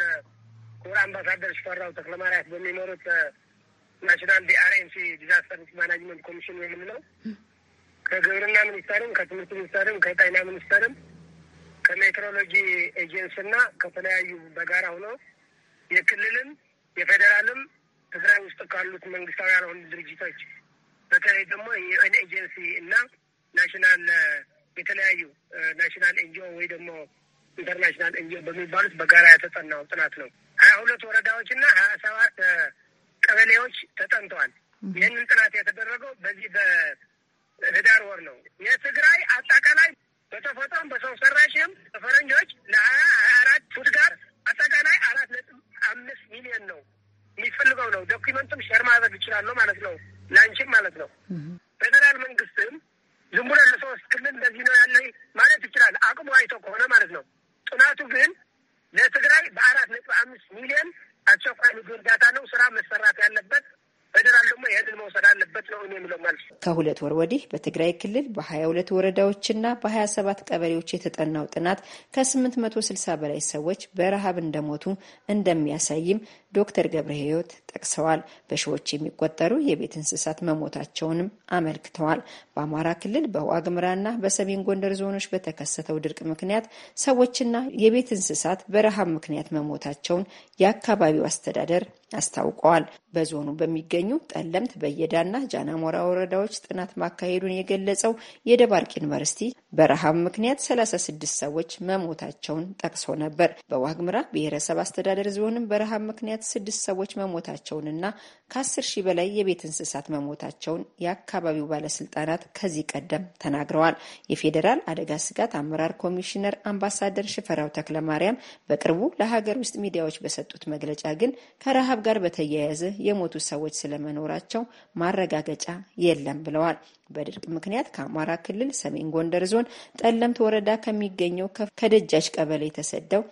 B: ክቡር አምባሳደር ሽፈራው ተክለማርያም በሚመሩት ናሽናል ዲአርኤንሲ ዲዛስተር ማናጅመንት ኮሚሽን የምንለው ከግብርና ሚኒስቴርም፣ ከትምህርት ሚኒስቴርም፣ ከጤና ሚኒስቴርም፣ ከሜትሮሎጂ ኤጀንሲ እና ከተለያዩ በጋራ ሆኖ የክልልም የፌዴራልም ትግራይ ውስጥ ካሉት መንግስታዊ ያልሆኑ ድርጅቶች በተለይ ደግሞ የዩኤን ኤጀንሲ እና ናሽናል የተለያዩ ናሽናል ኤንጂኦ ወይ ደግሞ ኢንተርናሽናል ኤንጂኦ በሚባሉት በጋራ የተጠናው ጥናት ነው። ሀያ ሁለት ወረዳዎች እና ሀያ ሰባት ቀበሌዎች ተጠንተዋል። ይህንን ጥናት የተደረገው በዚህ በህዳር ወር ነው። የትግራይ አጠቃላይ በተፈጥሮም በሰው ሰራሽም በፈረንጆች ለሀያ ሀያ አራት ፉት ጋር አጠቃላይ አራት ነጥብ አምስት ሚሊዮን ነው የሚፈልገው ነው። ዶኪመንቱም ሸር ማድረግ ይችላለሁ ማለት ነው ላንቺም ማለት ነው። ፌዴራል መንግስትም ዝም ብሎ ለሶስት ክልል እንደዚህ ነው ያለ ማለት ይችላል አቅሙ አይቶ ከሆነ ማለት ነው። ጥናቱ ግን ለትግራይ በአራት ነጥብ አምስት ሚሊዮን አስቸኳይ ምግብ እርዳታ ነው ስራ መሰራት ያለበት። ፌዴራል ደግሞ ይህንን መውሰድ አለበት ነው እኔ የምለው
E: ማለት ነው። ከሁለት ወር ወዲህ በትግራይ ክልል በሀያ ሁለት ወረዳዎችና በሀያ ሰባት ቀበሌዎች የተጠናው ጥናት ከስምንት መቶ ስልሳ በላይ ሰዎች በረሃብ እንደሞቱ እንደሚያሳይም ዶክተር ገብረ ህይወት ጠቅሰዋል። በሺዎች የሚቆጠሩ የቤት እንስሳት መሞታቸውንም አመልክተዋል። በአማራ ክልል በዋግምራና በሰሜን ጎንደር ዞኖች በተከሰተው ድርቅ ምክንያት ሰዎችና የቤት እንስሳት በረሃብ ምክንያት መሞታቸውን የአካባቢው አስተዳደር አስታውቀዋል። በዞኑ በሚገኙ ጠለምት፣ በየዳና ጃናሞራ ወረዳዎች ጥናት ማካሄዱን የገለጸው የደባርቅ ዩኒቨርሲቲ በረሃብ ምክንያት 36 ሰዎች መሞታቸውን ጠቅሶ ነበር። በዋግምራ ብሔረሰብ አስተዳደር ዞንም በረሃብ ምክንያት ስድስት ሰዎች መሞታቸው ከ ከአስር ሺህ በላይ የቤት እንስሳት መሞታቸውን የአካባቢው ባለስልጣናት ከዚህ ቀደም ተናግረዋል። የፌዴራል አደጋ ስጋት አመራር ኮሚሽነር አምባሳደር ሽፈራው ተክለማርያም በቅርቡ ለሀገር ውስጥ ሚዲያዎች በሰጡት መግለጫ ግን ከረሃብ ጋር በተያያዘ የሞቱ ሰዎች ስለመኖራቸው ማረጋገጫ የለም ብለዋል። በድርቅ ምክንያት ከአማራ ክልል ሰሜን ጎንደር ዞን ጠለምት ወረዳ ከሚገኘው ከደጃች ቀበሌ የተሰደው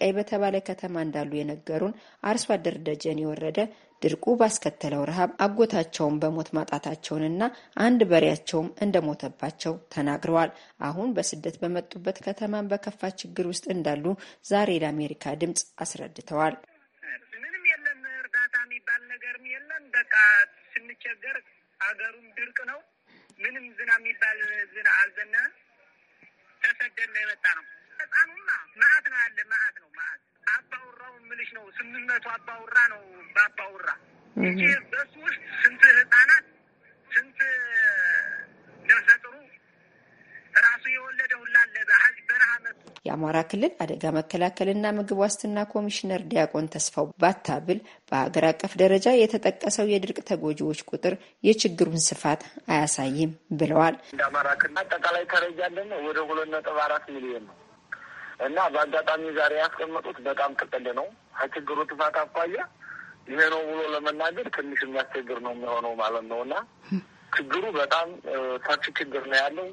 E: ቀይ በተባለ ከተማ እንዳሉ የነገሩን አርሶ አደር ደጀን የወረደ ድርቁ ባስከተለው ረሃብ አጎታቸውን በሞት ማጣታቸውንና አንድ በሬያቸውም እንደሞተባቸው ተናግረዋል። አሁን በስደት በመጡበት ከተማን በከፋ ችግር ውስጥ እንዳሉ ዛሬ ለአሜሪካ ድምፅ አስረድተዋል። ምንም የለም፣ እርዳታ የሚባል
B: ነገርም የለም። በቃ ስንቸገር አገሩም ድርቅ ነው። ምንም ዝና የሚባል ዝና አልዘነበም። ተሰደን ነው የመጣ ነው ህፃኑማ መዓት ነው ያለ መዓት ነው መዓት
D: አባውራው ምልሽ ነው ስምንት መቶ አባውራ ነው በአባውራ እንጂ በሱ ውስጥ ስንት ህጻናት ስንት
E: ነፍሰ ራሱ የወለደ ሁላ አለ በረሃ መጡ። የአማራ ክልል አደጋ መከላከልና ምግብ ዋስትና ኮሚሽነር ዲያቆን ተስፋው ባታብል በሀገር አቀፍ ደረጃ የተጠቀሰው የድርቅ ተጎጂዎች ቁጥር የችግሩን ስፋት አያሳይም ብለዋል። እንደ አማራ ክልል አጠቃላይ ተረጃ ደግሞ ወደ ሁለት ነጥብ አራት ሚሊዮን ነው
K: እና በአጋጣሚ ዛሬ ያስቀመጡት በጣም ቅጥል ነው። ከችግሩ ትፋት አኳያ ይሄ ነው ብሎ ለመናገር ትንሽ የሚያስቸግር ነው የሚሆነው ማለት ነው። እና ችግሩ በጣም ሰፊ ችግር ነው ያለው።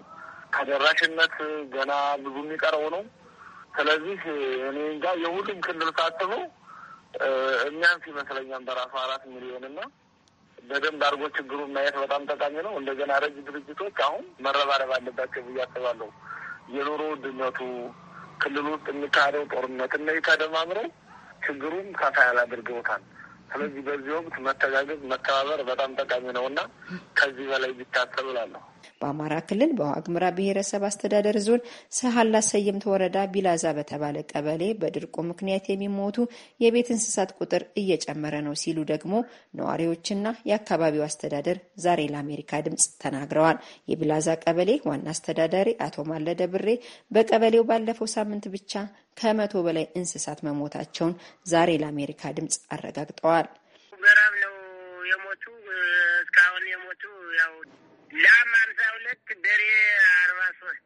K: ተደራሽነት ገና ብዙ የሚቀረው ነው። ስለዚህ እኔ እንጃ የሁሉም ክልል ሳትሎ እሚያንስ ይመስለኛል። በራሱ አራት ሚሊዮን እና በደንብ አድርጎ ችግሩን ማየት በጣም ጠቃሚ ነው። እንደገና ረጅ ድርጅቶች አሁን መረባረብ አለባቸው ብዬ አስባለሁ። የኑሮ ውድነቱ ክልሉ ውስጥ የሚካሄደው ጦርነት እነዚህ ተደማምረው ችግሩም ከፋ ያላድርገውታል። ስለዚህ በዚህ ወቅት መተጋገዝ፣ መተባበር በጣም ጠቃሚ ነው እና ከዚህ በላይ ቢታሰብ እላለሁ።
E: በአማራ ክልል በዋግምራ ብሔረሰብ አስተዳደር ዞን ሰሀላ ሰየምት ወረዳ ቢላዛ በተባለ ቀበሌ በድርቁ ምክንያት የሚሞቱ የቤት እንስሳት ቁጥር እየጨመረ ነው ሲሉ ደግሞ ነዋሪዎችና የአካባቢው አስተዳደር ዛሬ ለአሜሪካ ድምጽ ተናግረዋል። የቢላዛ ቀበሌ ዋና አስተዳዳሪ አቶ ማለደ ብሬ በቀበሌው ባለፈው ሳምንት ብቻ ከመቶ በላይ እንስሳት መሞታቸውን ዛሬ ለአሜሪካ ድምጽ አረጋግጠዋል።
B: ላም ሀምሳ ሁለት በሬ አርባ ሶስት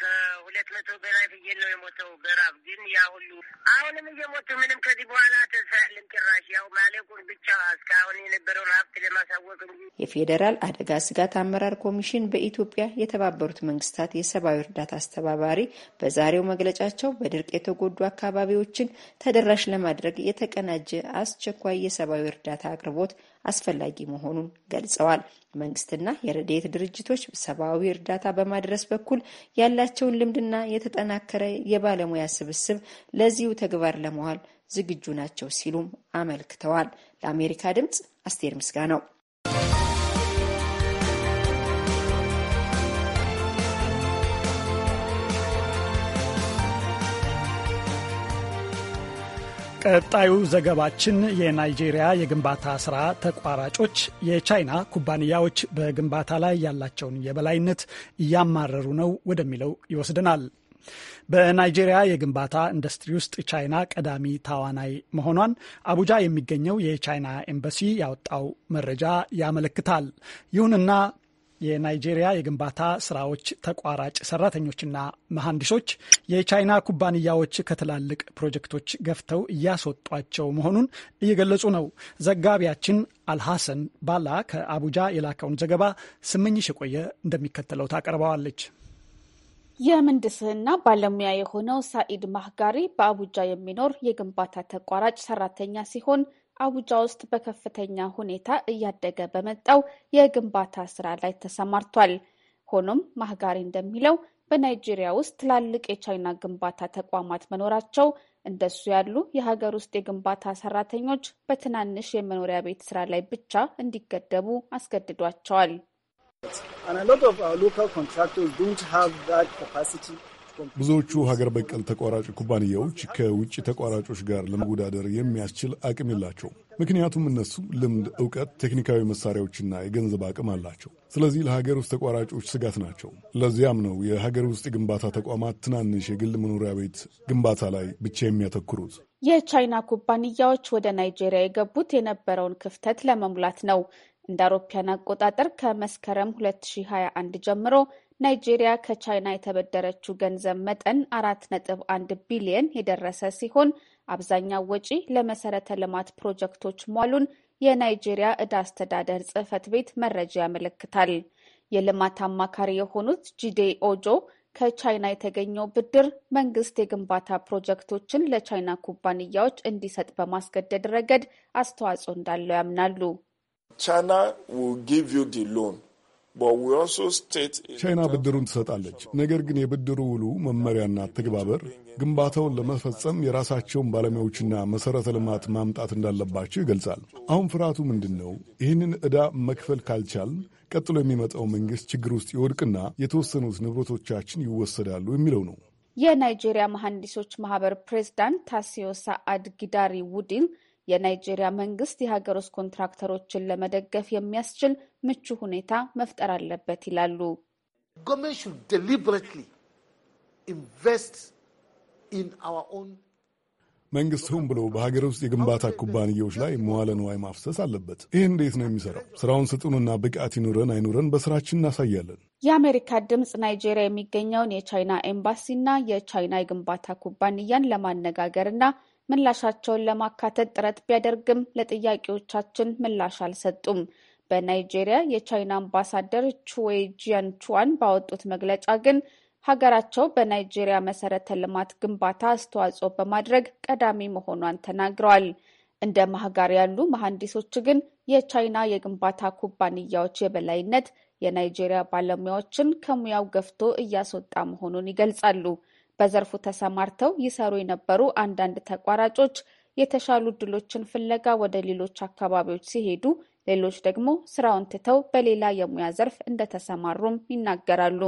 B: ከሁለት መቶ በላይ ፍየል ነው የሞተው በራብ ግን ያ ሁሉ አሁንም እየሞቱ ምንም ከዚህ በኋላ ተስፋ ያለን ጭራሽ ያው ማለቁን ብቻ እስካሁን የነበረውን ሀብት ለማሳወቅ
E: እንጂ። የፌዴራል አደጋ ስጋት አመራር ኮሚሽን በኢትዮጵያ የተባበሩት መንግስታት የሰብአዊ እርዳታ አስተባባሪ በዛሬው መግለጫቸው በድርቅ የተጎዱ አካባቢዎችን ተደራሽ ለማድረግ የተቀናጀ አስቸኳይ የሰብአዊ እርዳታ አቅርቦት አስፈላጊ መሆኑን ገልጸዋል። መንግስትና የረድኤት ድርጅቶች ሰብአዊ እርዳታ በማድረስ በኩል ያላቸውን ልምድና የተጠናከረ የባለሙያ ስብስብ ለዚሁ ተግባር ለመዋል ዝግጁ ናቸው ሲሉም አመልክተዋል። ለአሜሪካ ድምፅ አስቴር ምስጋ ነው።
A: ቀጣዩ ዘገባችን የናይጄሪያ የግንባታ ስራ ተቋራጮች የቻይና ኩባንያዎች በግንባታ ላይ ያላቸውን የበላይነት እያማረሩ ነው ወደሚለው ይወስደናል። በናይጄሪያ የግንባታ ኢንዱስትሪ ውስጥ ቻይና ቀዳሚ ታዋናይ መሆኗን አቡጃ የሚገኘው የቻይና ኤምባሲ ያወጣው መረጃ ያመለክታል። ይሁንና የናይጄሪያ የግንባታ ስራዎች ተቋራጭ ሰራተኞችና መሐንዲሶች የቻይና ኩባንያዎች ከትላልቅ ፕሮጀክቶች ገፍተው እያስወጧቸው መሆኑን እየገለጹ ነው። ዘጋቢያችን አልሐሰን ባላ ከአቡጃ የላከውን ዘገባ ስምኝሽ የቆየ እንደሚከተለው ታቀርበዋለች።
L: የምህንድስና ባለሙያ የሆነው ሳኢድ ማህጋሪ በአቡጃ የሚኖር የግንባታ ተቋራጭ ሰራተኛ ሲሆን አቡጃ ውስጥ በከፍተኛ ሁኔታ እያደገ በመጣው የግንባታ ስራ ላይ ተሰማርቷል። ሆኖም ማህጋሪ እንደሚለው በናይጄሪያ ውስጥ ትላልቅ የቻይና ግንባታ ተቋማት መኖራቸው እንደሱ ያሉ የሀገር ውስጥ የግንባታ ሰራተኞች በትናንሽ የመኖሪያ ቤት ስራ ላይ ብቻ እንዲገደቡ አስገድዷቸዋል።
F: ብዙዎቹ ሀገር በቀል ተቋራጭ ኩባንያዎች ከውጭ ተቋራጮች ጋር ለመወዳደር የሚያስችል አቅም የላቸው። ምክንያቱም እነሱ ልምድ፣ እውቀት፣ ቴክኒካዊ መሳሪያዎችና የገንዘብ አቅም አላቸው። ስለዚህ ለሀገር ውስጥ ተቋራጮች ስጋት ናቸው። ለዚያም ነው የሀገር ውስጥ የግንባታ ተቋማት ትናንሽ የግል መኖሪያ ቤት ግንባታ ላይ ብቻ የሚያተኩሩት።
L: የቻይና ኩባንያዎች ወደ ናይጄሪያ የገቡት የነበረውን ክፍተት ለመሙላት ነው። እንደ አውሮፓውያን አቆጣጠር ከመስከረም 2021 ጀምሮ ናይጄሪያ ከቻይና የተበደረችው ገንዘብ መጠን አራት ነጥብ አንድ ቢሊየን የደረሰ ሲሆን አብዛኛው ወጪ ለመሰረተ ልማት ፕሮጀክቶች ሟሉን የናይጄሪያ ዕዳ አስተዳደር ጽሕፈት ቤት መረጃ ያመለክታል። የልማት አማካሪ የሆኑት ጂዴ ኦጆ ከቻይና የተገኘው ብድር መንግስት የግንባታ ፕሮጀክቶችን ለቻይና ኩባንያዎች እንዲሰጥ በማስገደድ ረገድ አስተዋጽኦ እንዳለው ያምናሉ።
F: ቻይና ጊቭ ዩ ሎን ቻይና ብድሩን ትሰጣለች። ነገር ግን የብድሩ ውሉ መመሪያና ተግባበር ግንባታውን ለመፈጸም የራሳቸውን ባለሙያዎችና መሠረተ ልማት ማምጣት እንዳለባቸው ይገልጻል። አሁን ፍርሃቱ ምንድን ነው? ይህንን ዕዳ መክፈል ካልቻል ቀጥሎ የሚመጣው መንግሥት ችግር ውስጥ ይወድቅና የተወሰኑት ንብረቶቻችን ይወሰዳሉ የሚለው ነው።
L: የናይጄሪያ መሐንዲሶች ማህበር ፕሬዝዳንት ሳአድ ጊዳሪ ውዲን የናይጄሪያ መንግስት የሀገር ውስጥ ኮንትራክተሮችን ለመደገፍ የሚያስችል ምቹ ሁኔታ መፍጠር አለበት ይላሉ።
F: መንግስት ሁም ብሎ በሀገር ውስጥ የግንባታ ኩባንያዎች ላይ መዋለ ንዋይ ማፍሰስ አለበት። ይህ እንዴት ነው የሚሰራው? ስራውን ስጡንና ብቃት ይኑረን አይኑረን በስራችን እናሳያለን።
L: የአሜሪካ ድምፅ ናይጄሪያ የሚገኘውን የቻይና ኤምባሲና የቻይና የግንባታ ኩባንያን ለማነጋገርና ምላሻቸውን ለማካተት ጥረት ቢያደርግም ለጥያቄዎቻችን ምላሽ አልሰጡም። በናይጄሪያ የቻይና አምባሳደር ቹዌ ጂያንቹዋን ባወጡት መግለጫ ግን ሀገራቸው በናይጄሪያ መሰረተ ልማት ግንባታ አስተዋጽኦ በማድረግ ቀዳሚ መሆኗን ተናግረዋል። እንደ ማህጋር ያሉ መሐንዲሶች ግን የቻይና የግንባታ ኩባንያዎች የበላይነት የናይጄሪያ ባለሙያዎችን ከሙያው ገፍቶ እያስወጣ መሆኑን ይገልጻሉ። በዘርፉ ተሰማርተው ይሰሩ የነበሩ አንዳንድ ተቋራጮች የተሻሉ እድሎችን ፍለጋ ወደ ሌሎች አካባቢዎች ሲሄዱ፣ ሌሎች ደግሞ ስራውን ትተው በሌላ የሙያ ዘርፍ እንደተሰማሩም ይናገራሉ።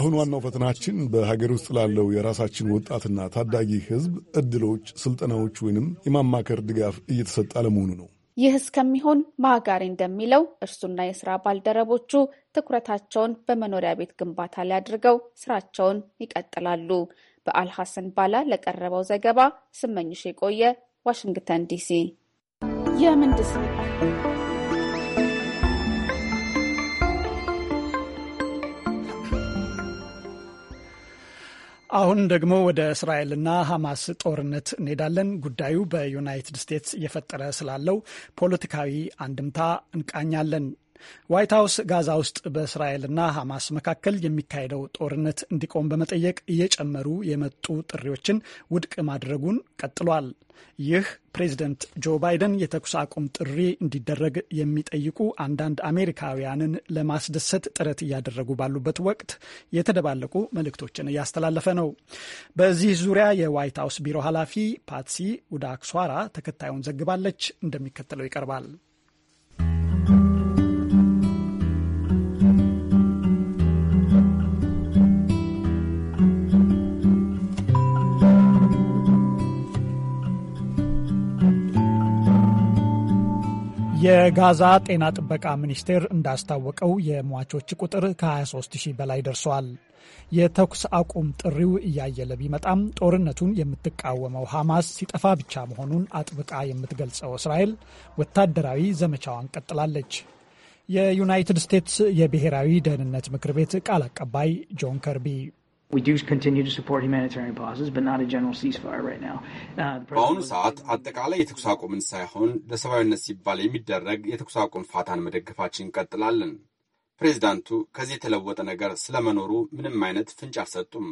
F: አሁን ዋናው ፈተናችን በሀገር ውስጥ ላለው የራሳችን ወጣትና ታዳጊ ሕዝብ እድሎች፣ ስልጠናዎች ወይንም የማማከር ድጋፍ እየተሰጠ አለመሆኑ ነው።
L: ይህ እስከሚሆን ማጋሪ እንደሚለው እርሱና የስራ ባልደረቦቹ ትኩረታቸውን በመኖሪያ ቤት ግንባታ ላይ አድርገው ስራቸውን ይቀጥላሉ። በአልሐሰን ባላ ለቀረበው ዘገባ ስመኝሽ የቆየ ዋሽንግተን ዲሲ የምንድስ
A: አሁን ደግሞ ወደ እስራኤልና ሐማስ ጦርነት እንሄዳለን። ጉዳዩ በዩናይትድ ስቴትስ እየፈጠረ ስላለው ፖለቲካዊ አንድምታ እንቃኛለን። ዋይት ሀውስ ጋዛ ውስጥ በእስራኤልና ሐማስ መካከል የሚካሄደው ጦርነት እንዲቆም በመጠየቅ እየጨመሩ የመጡ ጥሪዎችን ውድቅ ማድረጉን ቀጥሏል። ይህ ፕሬዚደንት ጆ ባይደን የተኩስ አቁም ጥሪ እንዲደረግ የሚጠይቁ አንዳንድ አሜሪካውያንን ለማስደሰት ጥረት እያደረጉ ባሉበት ወቅት የተደባለቁ መልእክቶችን እያስተላለፈ ነው። በዚህ ዙሪያ የዋይት ሀውስ ቢሮ ኃላፊ ፓትሲ ውዳክሷራ ተከታዩን ዘግባለች፣ እንደሚከተለው ይቀርባል። የጋዛ ጤና ጥበቃ ሚኒስቴር እንዳስታወቀው የሟቾች ቁጥር ከ23 ሺህ በላይ ደርሷል። የተኩስ አቁም ጥሪው እያየለ ቢመጣም ጦርነቱን የምትቃወመው ሐማስ ሲጠፋ ብቻ መሆኑን አጥብቃ የምትገልጸው እስራኤል ወታደራዊ ዘመቻዋን ቀጥላለች። የዩናይትድ ስቴትስ የብሔራዊ ደህንነት ምክር ቤት ቃል አቀባይ ጆን ከርቢ
M: Uh, በአሁኑ ሰዓት አጠቃላይ የተኩስ አቁምን ሳይሆን ለሰብአዊነት ሲባል የሚደረግ የተኩስ አቁም ፋታን መደገፋችን እንቀጥላለን። ፕሬዚዳንቱ ከዚህ የተለወጠ ነገር ስለመኖሩ ምንም አይነት ፍንጭ አልሰጡም።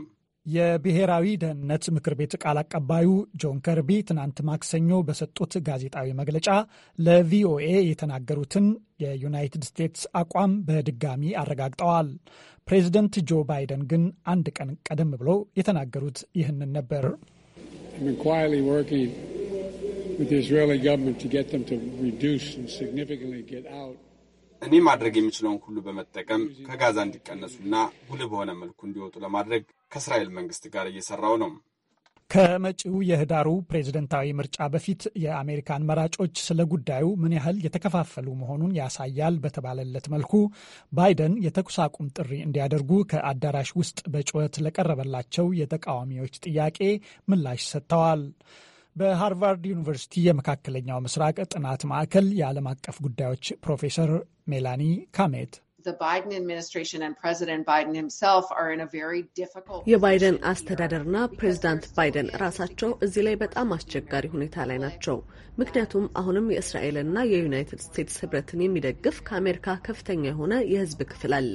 A: የብሔራዊ ደህንነት ምክር ቤት ቃል አቀባዩ ጆን ከርቢ ትናንት ማክሰኞ በሰጡት ጋዜጣዊ መግለጫ ለቪኦኤ የተናገሩትን የዩናይትድ ስቴትስ አቋም በድጋሚ አረጋግጠዋል። ፕሬዚደንት ጆ ባይደን ግን አንድ ቀን ቀደም ብሎ የተናገሩት ይህንን ነበር።
M: እኔ ማድረግ የሚችለውን ሁሉ በመጠቀም ከጋዛ እንዲቀነሱና ጉልህ በሆነ መልኩ እንዲወጡ ለማድረግ ከእስራኤል መንግስት ጋር እየሰራው
A: ነው። ከመጪው የህዳሩ ፕሬዝደንታዊ ምርጫ በፊት የአሜሪካን መራጮች ስለ ጉዳዩ ምን ያህል የተከፋፈሉ መሆኑን ያሳያል በተባለለት መልኩ ባይደን የተኩስ አቁም ጥሪ እንዲያደርጉ ከአዳራሽ ውስጥ በጩኸት ለቀረበላቸው የተቃዋሚዎች ጥያቄ ምላሽ ሰጥተዋል። በሃርቫርድ ዩኒቨርሲቲ የመካከለኛው ምስራቅ ጥናት ማዕከል የዓለም አቀፍ ጉዳዮች ፕሮፌሰር ሜላኒ ካሜት
D: the Biden administration
N: የባይደን አስተዳደርና ፕሬዚዳንት ባይደን ራሳቸው እዚህ ላይ በጣም አስቸጋሪ ሁኔታ ላይ ናቸው። ምክንያቱም አሁንም የእስራኤልና የዩናይትድ ስቴትስ ህብረትን የሚደግፍ ከአሜሪካ ከፍተኛ የሆነ የህዝብ ክፍል አለ።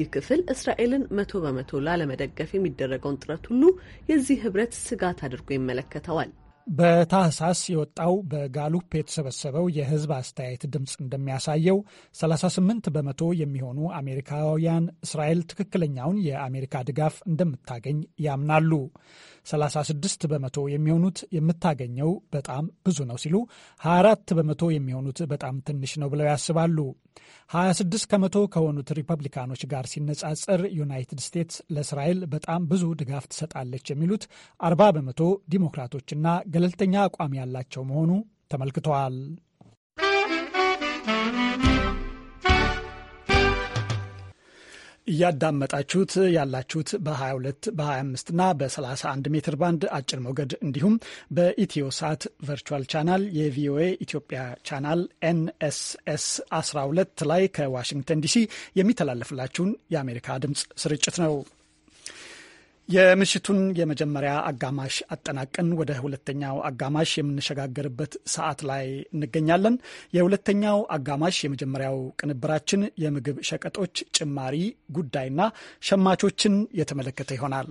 N: ይህ ክፍል እስራኤልን መቶ በመቶ ላለመደገፍ የሚደረገውን ጥረት ሁሉ የዚህ ህብረት ስጋት አድርጎ ይመለከተዋል።
A: በታህሳስ የወጣው በጋሉፕ የተሰበሰበው የህዝብ አስተያየት ድምፅ እንደሚያሳየው 38 በመቶ የሚሆኑ አሜሪካውያን እስራኤል ትክክለኛውን የአሜሪካ ድጋፍ እንደምታገኝ ያምናሉ። 36 በመቶ የሚሆኑት የምታገኘው በጣም ብዙ ነው ሲሉ፣ 24 በመቶ የሚሆኑት በጣም ትንሽ ነው ብለው ያስባሉ። 26 ከመቶ ከሆኑት ሪፐብሊካኖች ጋር ሲነጻጸር ዩናይትድ ስቴትስ ለእስራኤል በጣም ብዙ ድጋፍ ትሰጣለች የሚሉት 40 በመቶ ዲሞክራቶችና ገለልተኛ አቋም ያላቸው መሆኑ ተመልክተዋል። እያዳመጣችሁት ያላችሁት በ22 በ25 እና በ31 ሜትር ባንድ አጭር ሞገድ እንዲሁም በኢትዮ ሳት ቨርቹዋል ቻናል የቪኦኤ ኢትዮጵያ ቻናል ኤንኤስኤስ 12 ላይ ከዋሽንግተን ዲሲ የሚተላለፍላችሁን የአሜሪካ ድምፅ ስርጭት ነው። የምሽቱን የመጀመሪያ አጋማሽ አጠናቀን ወደ ሁለተኛው አጋማሽ የምንሸጋገርበት ሰዓት ላይ እንገኛለን። የሁለተኛው አጋማሽ የመጀመሪያው ቅንብራችን የምግብ ሸቀጦች ጭማሪ ጉዳይና ሸማቾችን የተመለከተ ይሆናል።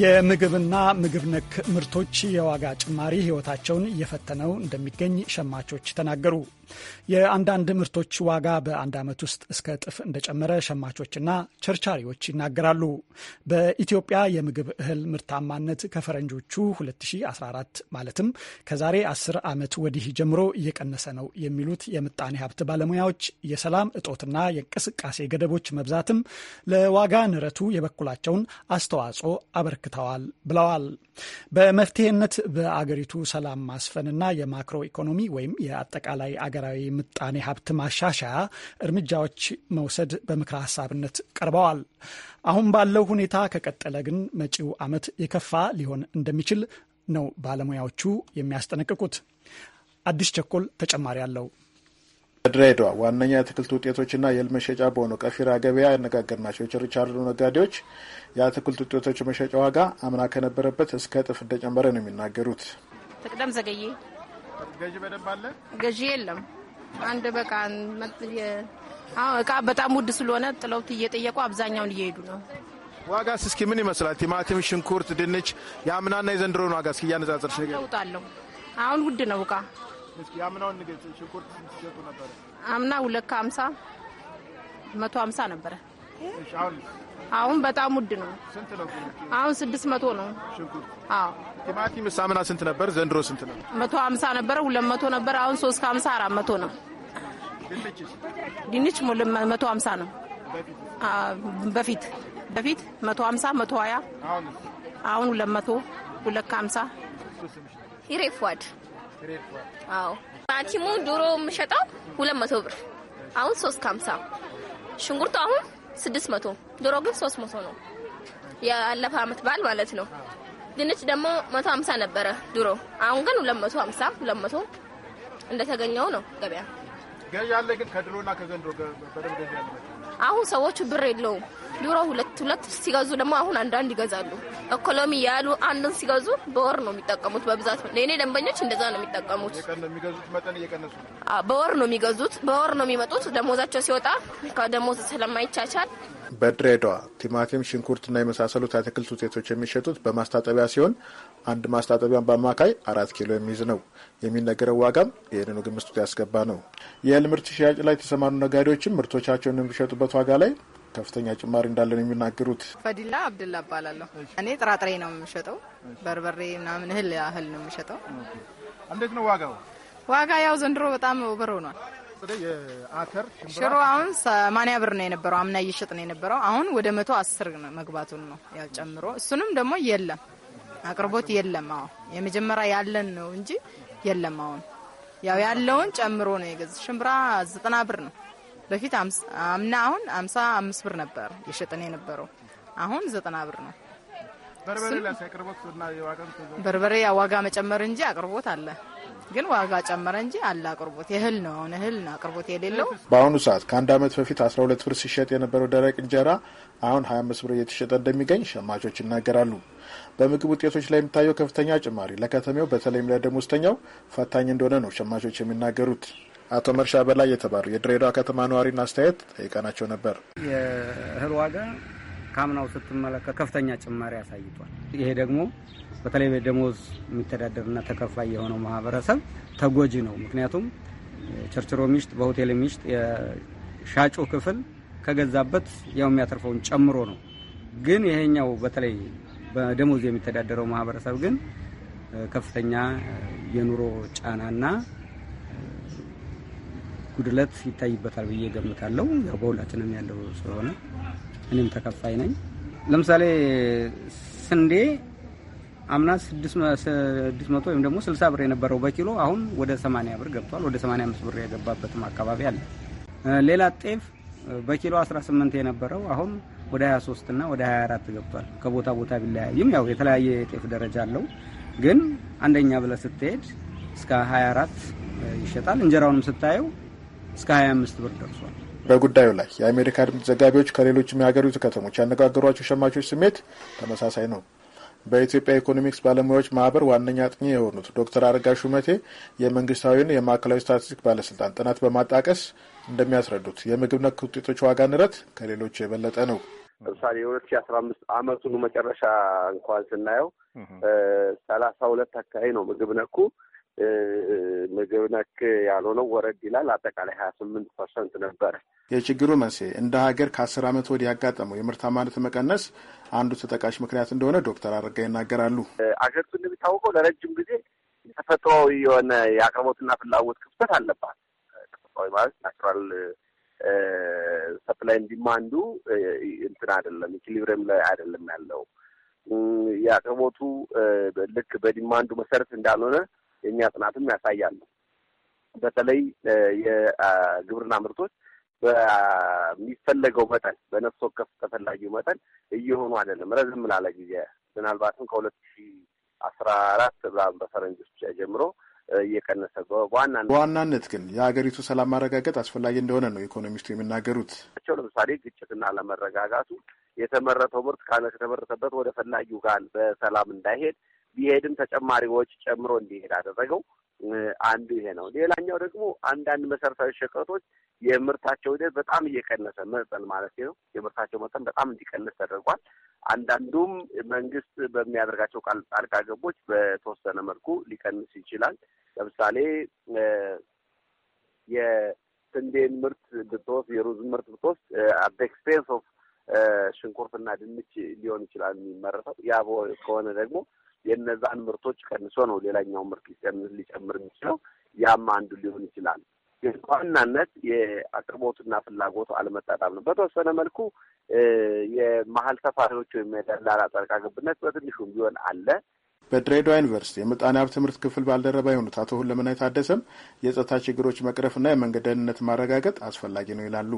A: የምግብና ምግብ ነክ ምርቶች የዋጋ ጭማሪ ሕይወታቸውን እየፈተነው እንደሚገኝ ሸማቾች ተናገሩ። የአንዳንድ ምርቶች ዋጋ በአንድ ዓመት ውስጥ እስከ እጥፍ እንደጨመረ ሸማቾችና ቸርቻሪዎች ይናገራሉ። በኢትዮጵያ የምግብ እህል ምርታማነት ከፈረንጆቹ 2014 ማለትም ከዛሬ 10 ዓመት ወዲህ ጀምሮ እየቀነሰ ነው የሚሉት የምጣኔ ሀብት ባለሙያዎች የሰላም እጦትና የእንቅስቃሴ ገደቦች መብዛትም ለዋጋ ንረቱ የበኩላቸውን አስተዋጽኦ አበርክተዋል ብለዋል። በመፍትሄነት በአገሪቱ ሰላም ማስፈንና የማክሮ ኢኮኖሚ ወይም የአጠቃላይ ሀገራዊ ምጣኔ ሀብት ማሻሻያ እርምጃዎች መውሰድ በምክረ ሀሳብነት ቀርበዋል። አሁን ባለው ሁኔታ ከቀጠለ ግን መጪው ዓመት የከፋ ሊሆን እንደሚችል ነው ባለሙያዎቹ የሚያስጠነቅቁት። አዲስ ቸኮል ተጨማሪ አለው።
O: በድሬዳዋ ዋነኛ የአትክልት ውጤቶችና የእህል መሸጫ በሆነው ቀፊራ ገበያ ያነጋገርናቸው የችርቻሮ ነጋዴዎች የአትክልት ውጤቶች መሸጫ ዋጋ አምና ከነበረበት እስከ እጥፍ እንደጨመረ ነው የሚናገሩት። ተቅደም ዘገዬ ገዢ
L: በደንብ አለ? ገዢ የለም። አንድ በቃ አሁን እቃ በጣም ውድ ስለሆነ ጥለውት እየጠየቁ አብዛኛውን እየሄዱ ነው።
O: ዋጋስ እስኪ ምን ይመስላል? ቲማቲም፣ ሽንኩርት፣ ድንች የአምናና የዘንድሮን ዋጋ እስኪ እያነጻጸርሽ ነገር
L: እውጣለሁ። አሁን ውድ ነው እቃ
O: የአምናውን ሽንኩርት ሲሸጡ ነበረ
L: አምና ሁለት ከሀምሳ መቶ ሀምሳ ነበረ አሁን በጣም ውድ ነው። አሁን ስድስት መቶ ነው። ቲማቲም
O: ሳምና ስንት ነበር? ዘንድሮ ስንት ነው?
L: መቶ ሀምሳ ነበረ፣ ሁለት መቶ ነበር። አሁን ሶስት ከሀምሳ አራት መቶ ነው። ድንች መቶ ሀምሳ ነው። በፊት በፊት መቶ ሀምሳ መቶ ሀያ አሁን ሁለት መቶ ሁለት ከሀምሳ ይሬፏድ አዎ ቲማቲሙ ድሮ የምሸጠው ሁለት መቶ ብር አሁን ሶስት ከሀምሳ ሽንኩርቱ አሁን ስድስት መቶ ዶሮ ግን ሶስት መቶ ነው። ያለፈ አመት በዓል ማለት ነው። ድንች ደግሞ መቶ ሀምሳ ነበረ ድሮ። አሁን ግን ሁለት መቶ ሀምሳ ሁለት መቶ እንደተገኘው ነው ገበያ
O: ገዥ አለ። ግን ከድሮና ከዘንድሮ
L: አሁን ሰዎቹ ብር የለውም ድሮ ሁለት ሁለት ሲገዙ ደግሞ አሁን አንዳንድ ይገዛሉ። ኢኮኖሚ ያሉ አንድን ሲገዙ በወር ነው የሚጠቀሙት በብዛት ለእኔ ደንበኞች እንደዛ ነው የሚጠቀሙት። በወር ነው የሚገዙት፣ በወር ነው የሚመጡት። ደሞዛቸው ሲወጣ ከደሞዝ ስለማይቻቻል
O: በድሬዳዋ ቲማቲም፣ ሽንኩርትና የመሳሰሉት አትክልት ውጤቶች የሚሸጡት በማስታጠቢያ ሲሆን አንድ ማስታጠቢያን በአማካይ አራት ኪሎ የሚይዝ ነው። የሚነገረው ዋጋም ይህንኑ ግምት ውስጥ ያስገባ ነው። የእህል ምርት ሽያጭ ላይ የተሰማሩ ነጋዴዎችም ምርቶቻቸውን የሚሸጡበት ዋጋ ላይ ከፍተኛ ጭማሪ እንዳለ ነው የሚናገሩት።
E: ፈዲላ አብድላ እባላለሁ። እኔ ጥራጥሬ ነው የምሸጠው፣ በርበሬ ምናምን እህል ያህል ነው የምሸጠው። እንዴት ነው ዋጋው? ዋጋ ያው ዘንድሮ በጣም ኦቨር ሆኗል። ሽሮ አሁን ሰማንያ ብር ነው የነበረው፣ አምና እየሸጥ ነው የነበረው። አሁን ወደ መቶ አስር መግባቱን ነው ያው ጨምሮ፣ እሱንም ደግሞ የለም አቅርቦት የለም። አዎ የመጀመሪያ ያለን ነው እንጂ የለም። አሁን ያው ያለውን ጨምሮ ነው የገዛ። ሽምብራ ዘጠና ብር ነው በፊት አምና አሁን አምሳ አምስት ብር ነበር የሸጠን የነበረው አሁን ዘጠና ብር ነው። በርበሬ ዋጋ መጨመር እንጂ አቅርቦት አለ ግን ዋጋ ጨመረ እንጂ አለ አቅርቦት። የእህል ነው አሁን እህል ነው አቅርቦት የሌለው።
O: በአሁኑ ሰዓት ከአንድ ዓመት በፊት ሁለት ብር ሲሸጥ የነበረው ደረቅ እንጀራ አሁን 25 ብር እየተሸጠ እንደሚገኝ ሸማቾች ይናገራሉ። በምግብ ውጤቶች ላይ የሚታየው ከፍተኛ ጭማሪ ለከተሜው በተለይም ለደሞዝተኛው ፈታኝ እንደሆነ ነው ሸማቾች የሚናገሩት። አቶ መርሻ በላይ የተባሉ የድሬዳዋ ከተማ ነዋሪን አስተያየት ጠይቀናቸው ነበር።
P: የእህል ዋጋ ካምናው ስትመለከት ከፍተኛ ጭማሪ አሳይቷል። ይሄ ደግሞ በተለይ በደሞዝ የሚተዳደርና ተከፋይ የሆነው ማህበረሰብ ተጎጂ ነው። ምክንያቱም ቸርችሮ ሚሽጥ በሆቴል ሚሽጥ የሻጩ ክፍል ከገዛበት ያው የሚያተርፈውን ጨምሮ ነው። ግን ይሄኛው በተለይ በደሞዝ የሚተዳደረው ማህበረሰብ ግን ከፍተኛ የኑሮ ጫናና ጉድለት ይታይበታል ብዬ ገምታለሁ። ያው በሁላችንም ያለው ስለሆነ እኔም ተከፋይ ነኝ። ለምሳሌ ስንዴ አምና 600 ወይም ደግሞ 60 ብር የነበረው በኪሎ አሁን ወደ 80 ብር ገብቷል። ወደ 85 ብር የገባበትም አካባቢ አለ። ሌላ ጤፍ በኪሎ 18 የነበረው አሁን ወደ 23 እና ወደ 24 ገብቷል። ከቦታ ቦታ ቢለያይም ያው የተለያየ የጤፍ ደረጃ አለው። ግን አንደኛ ብለህ ስትሄድ እስከ 24 ይሸጣል። እንጀራውንም ስታየው እስከ 25 ብር ደርሷል።
O: በጉዳዩ ላይ የአሜሪካ ድምፅ ዘጋቢዎች ከሌሎችም የሀገሪቱ ከተሞች ያነጋገሯቸው ሸማቾች ስሜት ተመሳሳይ ነው። በኢትዮጵያ ኢኮኖሚክስ ባለሙያዎች ማህበር ዋነኛ አጥኚ የሆኑት ዶክተር አረጋ ሹመቴ የመንግስታዊን የማዕከላዊ ስታቲስቲክ ባለስልጣን ጥናት በማጣቀስ እንደሚያስረዱት የምግብ ነክ ውጤቶች ዋጋ ንረት ከሌሎች የበለጠ ነው።
K: ለምሳሌ የሁለት ሺህ አስራ አምስት አመቱን መጨረሻ እንኳን ስናየው ሰላሳ ሁለት አካባቢ ነው ምግብ ነኩ ምግብ ነክ ያልሆነው ወረድ ይላል። አጠቃላይ ሀያ ስምንት ፐርሰንት ነበረ።
O: የችግሩ መንስኤ እንደ ሀገር ከአስር ዓመት ወዲህ ያጋጠመው የምርታማነት መቀነስ አንዱ ተጠቃሽ ምክንያት እንደሆነ ዶክተር አረጋ ይናገራሉ።
K: አገሪቱ እንደሚታወቀው ለረጅም ጊዜ ተፈጥሯዊ የሆነ የአቅርቦትና ፍላጎት ክፍተት አለባት። ተፈጥሯዊ ማለት ናቹራል ሰፕላይ እንዲማንዱ እንትን አይደለም፣ ኢኪሊብሪየም ላይ አይደለም ያለው የአቅርቦቱ ልክ በዲማንዱ መሰረት እንዳልሆነ የእኛ ጥናትም ያሳያል። በተለይ የግብርና ምርቶች በሚፈለገው መጠን በነፍስ ወከፍ ተፈላጊው መጠን እየሆኑ አይደለም። ረዝም ላለ ጊዜ ምናልባትም ከሁለት ሺ አስራ አራት በፈረንጆች ጀምሮ እየቀነሰ በዋናነት በዋናነት
O: ግን የሀገሪቱ ሰላም ማረጋገጥ አስፈላጊ እንደሆነ ነው ኢኮኖሚስቱ የሚናገሩት።
K: ለምሳሌ ግጭትና ለመረጋጋቱ የተመረተው ምርት ከተመረተበት ወደ ፈላጊው ጋር በሰላም እንዳይሄድ ቢሄድም ተጨማሪ ወጪ ጨምሮ እንዲሄድ አደረገው። አንዱ ይሄ ነው። ሌላኛው ደግሞ አንዳንድ መሰረታዊ ሸቀጦች የምርታቸው ሂደት በጣም እየቀነሰ መጠን ማለት ነው። የምርታቸው መጠን በጣም እንዲቀንስ ተደርጓል። አንዳንዱም መንግስት በሚያደርጋቸው ጣልቃ ገቦች በተወሰነ መልኩ ሊቀንስ ይችላል። ለምሳሌ የስንዴን ምርት ብትወስድ፣ የሩዝ ምርት ብትወስድ አት ኤክስፔንስ ኦፍ ሽንኩርትና ድንች ሊሆን ይችላል የሚመረተው። ያ ከሆነ ደግሞ የነዛን ምርቶች ቀንሶ ነው ሌላኛው ምርት ሊጨምር የሚችለው። ያም አንዱ ሊሆን ይችላል። ግን በዋናነት የአቅርቦቱና ፍላጎቱ አለመጣጣም ነው። በተወሰነ መልኩ የመሀል ተፋሪዎች ወይም የደላላ ጣልቃ ገብነት በትንሹም ቢሆን አለ።
O: በድሬዳዋ ዩኒቨርሲቲ የምጣኔ ሀብት ትምህርት ክፍል ባልደረባ የሆኑት አቶ ሁለመና የታደሰም የጸጥታ ችግሮች መቅረፍና የመንገድ ደህንነት ማረጋገጥ አስፈላጊ ነው ይላሉ።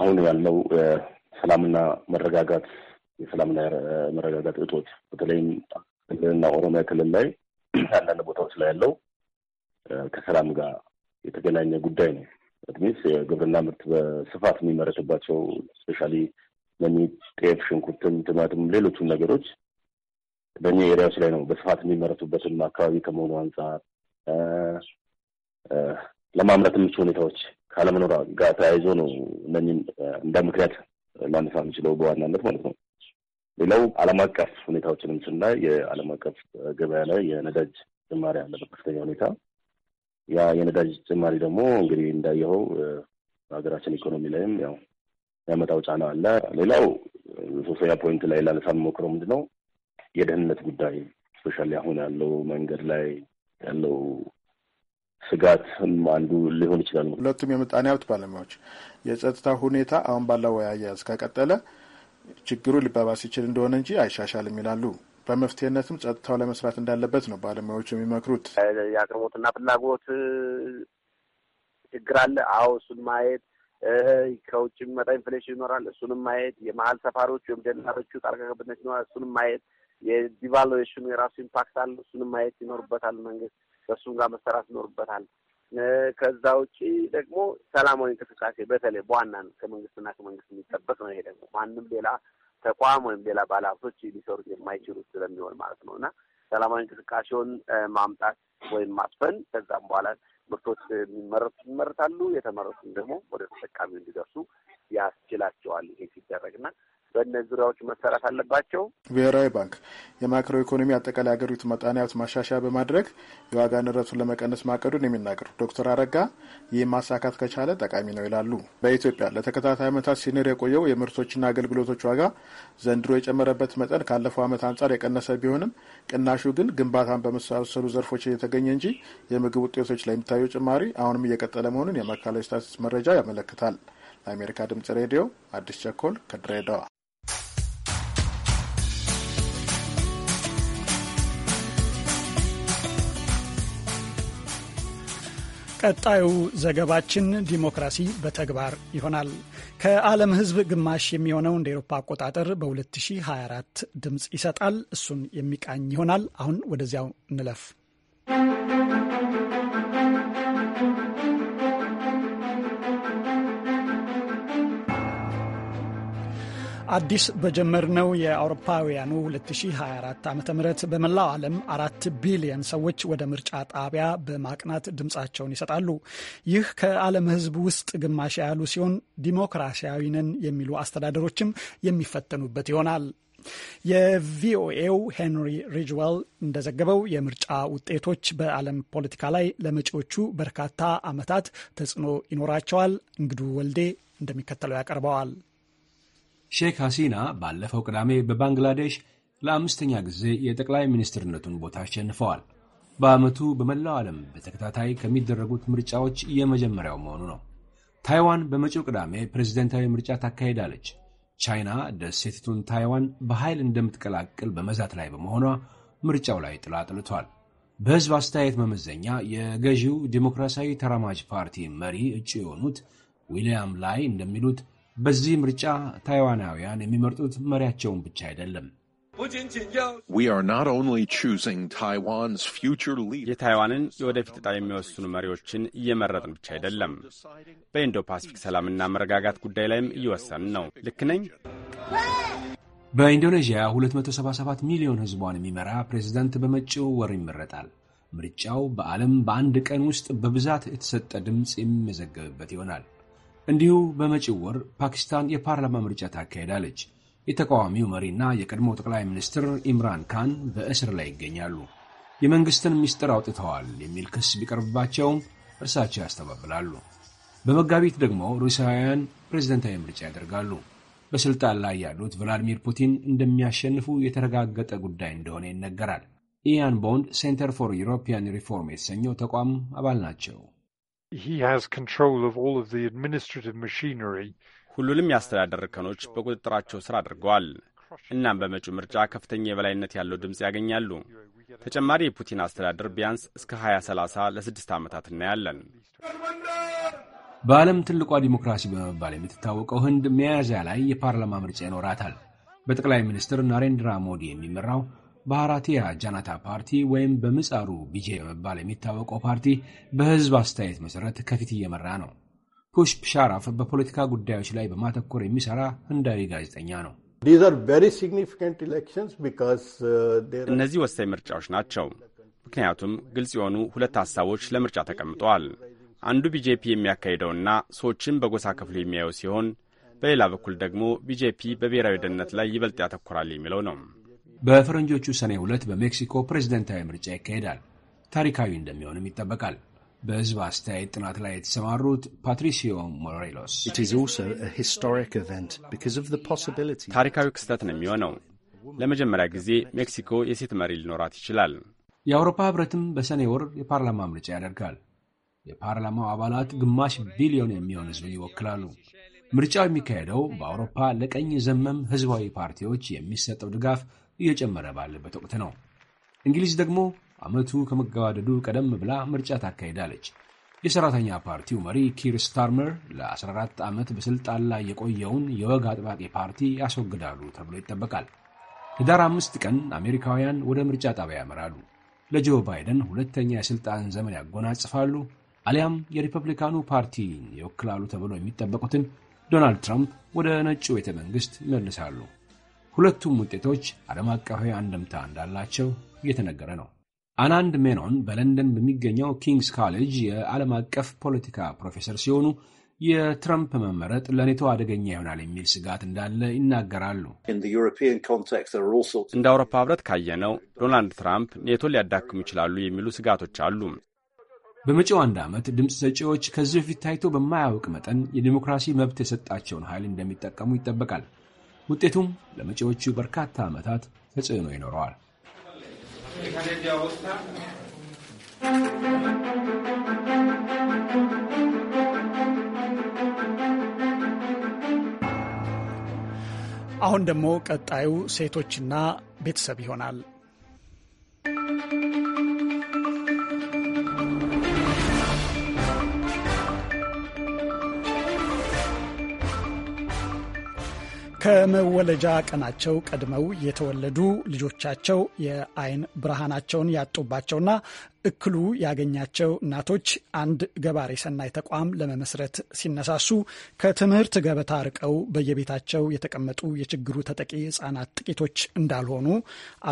J: አሁን ያለው ሰላምና መረጋጋት የሰላምና መረጋጋት እጦት በተለይም ክልልና ኦሮሚያ ክልል ላይ [CLEARS THROAT] አንዳንድ ቦታዎች ላይ ያለው ከሰላም ጋር የተገናኘ ጉዳይ ነው። ትሚስ የግብርና ምርት በስፋት የሚመረትባቸው ስፔሻሊ ለሚጥ፣ ጤፍ፣ ሽንኩርትም፣ ትማትም ሌሎቹም ነገሮች በእኛ ኤሪያዎች ላይ ነው በስፋት የሚመረቱበትም አካባቢ ከመሆኑ አንጻር ለማምረት ምቹ ሁኔታዎች ካለመኖር ጋር ተያይዞ ነው እነኝም እንደ ምክንያት ላነሳ የምችለው በዋናነት ማለት ነው። ሌላው ዓለም አቀፍ ሁኔታዎችንም ስናይ የዓለም አቀፍ ገበያ ላይ የነዳጅ ጭማሪ አለ በከፍተኛ ሁኔታ። ያ የነዳጅ ጭማሪ ደግሞ እንግዲህ እንዳየኸው በሀገራችን ኢኮኖሚ ላይም ያው ያመጣው ጫና አለ። ሌላው ሶስተኛ ፖይንት ላይ ላለሳ ሞክረው ምንድን ነው የደህንነት ጉዳይ ስፔሻሊ አሁን ያለው መንገድ ላይ ያለው ስጋትም አንዱ ሊሆን ይችላል። ሁለቱም የምጣኔ ሀብት ባለሙያዎች
O: የጸጥታ ሁኔታ አሁን ባለው አያያዝ ከቀጠለ ችግሩ ሊባባስ ይችል እንደሆነ እንጂ አይሻሻልም ይላሉ። በመፍትሄነትም ጸጥታው ለመስራት እንዳለበት ነው ባለሙያዎቹ የሚመክሩት።
K: የአቅርቦትና ፍላጎት ችግር አለ። አዎ እሱን ማየት ከውጭ የሚመጣ ኢንፍሌሽን ይኖራል። እሱንም ማየት የመሀል ሰፋሪዎች ወይም ደላሎቹ ጣልቃ ገብነት ይኖራል። እሱንም ማየት የዲቫሉዌሽኑ የራሱ ኢምፓክት አለ። እሱንም ማየት ይኖርበታል። መንግስት ከእሱም ጋር መሰራት ይኖርበታል። ከዛ ውጪ ደግሞ ሰላማዊ እንቅስቃሴ በተለይ በዋናን ከመንግስትና ከመንግስት የሚጠበቅ ነው። ይሄ ደግሞ ማንም ሌላ ተቋም ወይም ሌላ ባለሀብቶች ሊሰሩት የማይችሉት ስለሚሆን ማለት ነው እና ሰላማዊ እንቅስቃሴውን ማምጣት ወይም ማስፈን ከዛም በኋላ ምርቶች የሚመረቱ ይመረታሉ። የተመረቱም ደግሞ ወደ ተጠቃሚው እንዲደርሱ ያስችላቸዋል። ይሄ ሲደረግና በእነዚህ ዙሪያዎች መሰራት አለባቸው።
O: ብሔራዊ ባንክ የማክሮ ኢኮኖሚ አጠቃላይ ሀገሪቱ መጣኔ ሀብት ማሻሻያ በማድረግ የዋጋ ንረቱን ለመቀነስ ማቀዱን የሚናገሩት ዶክተር አረጋ ይህ ማሳካት ከቻለ ጠቃሚ ነው ይላሉ። በኢትዮጵያ ለተከታታይ ዓመታት ሲንር የቆየው የምርቶችና አገልግሎቶች ዋጋ ዘንድሮ የጨመረበት መጠን ካለፈው ዓመት አንጻር የቀነሰ ቢሆንም ቅናሹ ግን ግንባታን በመሳሰሉ ዘርፎች እየተገኘ እንጂ የምግብ ውጤቶች ላይ የሚታየው ጭማሪ አሁንም እየቀጠለ መሆኑን የማዕከላዊ ስታትስ መረጃ ያመለክታል። ለአሜሪካ ድምጽ ሬዲዮ አዲስ ቸኮል ከድሬዳዋ
A: ቀጣዩ ዘገባችን ዲሞክራሲ በተግባር ይሆናል። ከዓለም ሕዝብ ግማሽ የሚሆነው እንደ ኤሮፓ አቆጣጠር በ2024 ድምፅ ይሰጣል። እሱን የሚቃኝ ይሆናል። አሁን ወደዚያው እንለፍ። አዲስ በጀመርነው የአውሮፓውያኑ 2024 ዓ ም በመላው ዓለም አራት ቢሊየን ሰዎች ወደ ምርጫ ጣቢያ በማቅናት ድምፃቸውን ይሰጣሉ። ይህ ከዓለም ሕዝብ ውስጥ ግማሽ ያሉ ሲሆን ዲሞክራሲያዊ ነን የሚሉ አስተዳደሮችም የሚፈተኑበት ይሆናል። የቪኦኤው ሄንሪ ሪጅዌል እንደዘገበው የምርጫ ውጤቶች በዓለም ፖለቲካ ላይ ለመጪዎቹ በርካታ ዓመታት ተጽዕኖ ይኖራቸዋል። እንግዱ ወልዴ እንደሚከተለው ያቀርበዋል።
C: ሼክ ሐሲና ባለፈው ቅዳሜ በባንግላዴሽ ለአምስተኛ ጊዜ የጠቅላይ ሚኒስትርነቱን ቦታ አሸንፈዋል። በዓመቱ በመላው ዓለም በተከታታይ ከሚደረጉት ምርጫዎች የመጀመሪያው መሆኑ ነው። ታይዋን በመጪው ቅዳሜ ፕሬዝደንታዊ ምርጫ ታካሄዳለች። ቻይና ደሴቲቱን ታይዋን በኃይል እንደምትቀላቅል በመዛት ላይ በመሆኗ ምርጫው ላይ ጥላ ጥልቷል። በሕዝብ አስተያየት መመዘኛ የገዢው ዴሞክራሲያዊ ተራማጅ ፓርቲ መሪ እጩ የሆኑት ዊልያም ላይ እንደሚሉት በዚህ ምርጫ ታይዋናውያን የሚመርጡት መሪያቸውን ብቻ አይደለም
M: የታይዋንን የወደፊት ዕጣ የሚወስኑ መሪዎችን እየመረጥን ብቻ አይደለም፣ በኢንዶ ፓስፊክ ሰላምና መረጋጋት ጉዳይ ላይም እየወሰን ነው። ልክ ነኝ?
C: በኢንዶኔዥያ 277 ሚሊዮን ሕዝቧን የሚመራ ፕሬዝደንት በመጪው ወር ይመረጣል። ምርጫው በዓለም በአንድ ቀን ውስጥ በብዛት የተሰጠ ድምፅ የሚመዘገብበት ይሆናል። እንዲሁ በመጪው ወር ፓኪስታን የፓርላማ ምርጫ ታካሄዳለች። የተቃዋሚው መሪና የቀድሞ ጠቅላይ ሚኒስትር ኢምራን ካን በእስር ላይ ይገኛሉ። የመንግሥትን ምስጢር አውጥተዋል የሚል ክስ ቢቀርብባቸውም እርሳቸው ያስተባብላሉ። በመጋቢት ደግሞ ሩሲያውያን ፕሬዝደንታዊ ምርጫ ያደርጋሉ። በሥልጣን ላይ ያሉት ቭላዲሚር ፑቲን እንደሚያሸንፉ የተረጋገጠ ጉዳይ እንደሆነ ይነገራል። ኢያን ቦንድ ሴንተር ፎር ዩሮፒያን ሪፎርም የተሰኘው ተቋም አባል ናቸው።
M: ሁሉንም የአስተዳደር እርከኖች በቁጥጥራቸው ስር አድርገዋል። እናም በመጪው ምርጫ ከፍተኛ የበላይነት ያለው ድምፅ ያገኛሉ። ተጨማሪ የፑቲን አስተዳደር ቢያንስ እስከ 2030 ለስድስት ዓመታት እናያለን።
C: በዓለም ትልቋ ዲሞክራሲ በመባል የምትታወቀው ህንድ ሚያዝያ ላይ የፓርላማ ምርጫ ይኖራታል። በጠቅላይ ሚኒስትር ናሬንድራ ሞዲ የሚመራው ባህራቲያ ጃናታ ፓርቲ ወይም በምጻሩ ቢጄ በመባል የሚታወቀው ፓርቲ በህዝብ አስተያየት መሠረት ከፊት እየመራ ነው። ፑሽፕ ሻራፍ በፖለቲካ ጉዳዮች ላይ በማተኮር የሚሰራ ህንዳዊ
M: ጋዜጠኛ ነው። uh, እነዚህ ወሳኝ ምርጫዎች ናቸው። ምክንያቱም ግልጽ የሆኑ ሁለት ሐሳቦች ለምርጫ ተቀምጠዋል። አንዱ ቢጄፒ የሚያካሂደውና ሰዎችን በጎሳ ክፍሉ የሚያየው ሲሆን፣ በሌላ በኩል ደግሞ ቢጄፒ በብሔራዊ ደህንነት ላይ ይበልጥ ያተኮራል የሚለው ነው።
C: በፈረንጆቹ ሰኔ ሁለት በሜክሲኮ ፕሬዝደንታዊ ምርጫ ይካሄዳል። ታሪካዊ እንደሚሆንም ይጠበቃል። በሕዝብ አስተያየት ጥናት ላይ የተሰማሩት ፓትሪሲዮ ሞሬሎስ
M: ታሪካዊ ክስተት ነው የሚሆነው። ለመጀመሪያ ጊዜ ሜክሲኮ የሴት መሪ ሊኖራት ይችላል።
C: የአውሮፓ ህብረትም በሰኔ ወር የፓርላማ ምርጫ ያደርጋል። የፓርላማው አባላት ግማሽ ቢሊዮን የሚሆን ህዝብ ይወክላሉ። ምርጫው የሚካሄደው በአውሮፓ ለቀኝ ዘመም ህዝባዊ ፓርቲዎች የሚሰጠው ድጋፍ እየጨመረ ባለበት ወቅት ነው። እንግሊዝ ደግሞ ዓመቱ ከመገባደዱ ቀደም ብላ ምርጫ ታካሂዳለች። የሰራተኛ ፓርቲው መሪ ኪር ስታርመር ለ14 ዓመት በስልጣን ላይ የቆየውን የወግ አጥባቂ ፓርቲ ያስወግዳሉ ተብሎ ይጠበቃል። ህዳር አምስት ቀን አሜሪካውያን ወደ ምርጫ ጣቢያ ያመራሉ። ለጆ ባይደን ሁለተኛ የሥልጣን ዘመን ያጎናጽፋሉ አሊያም የሪፐብሊካኑ ፓርቲን ይወክላሉ ተብሎ የሚጠበቁትን ዶናልድ ትራምፕ ወደ ነጩ ቤተ መንግሥት ይመልሳሉ። ሁለቱም ውጤቶች ዓለም አቀፋዊ አንድምታ እንዳላቸው እየተነገረ ነው። አናንድ ሜኖን በለንደን በሚገኘው ኪንግስ ካሌጅ የዓለም አቀፍ ፖለቲካ ፕሮፌሰር ሲሆኑ የትራምፕ መመረጥ ለኔቶ አደገኛ ይሆናል የሚል ስጋት እንዳለ ይናገራሉ።
M: እንደ አውሮፓ ህብረት ካየነው ዶናልድ ትራምፕ ኔቶ ሊያዳክሙ ይችላሉ የሚሉ ስጋቶች አሉ።
C: በመጪው አንድ ዓመት ድምፅ ሰጪዎች ከዚህ በፊት ታይቶ በማያውቅ መጠን የዲሞክራሲ መብት የሰጣቸውን ኃይል እንደሚጠቀሙ ይጠበቃል። ውጤቱም ለመጪዎቹ በርካታ ዓመታት ተጽዕኖ ይኖረዋል።
A: አሁን ደግሞ ቀጣዩ ሴቶችና ቤተሰብ ይሆናል። ከመወለጃ ቀናቸው ቀድመው የተወለዱ ልጆቻቸው የአይን ብርሃናቸውን ያጡባቸውና እክሉ ያገኛቸው እናቶች አንድ ገባሬ ሰናይ ተቋም ለመመስረት ሲነሳሱ ከትምህርት ገበታ ርቀው በየቤታቸው የተቀመጡ የችግሩ ተጠቂ ህፃናት ጥቂቶች እንዳልሆኑ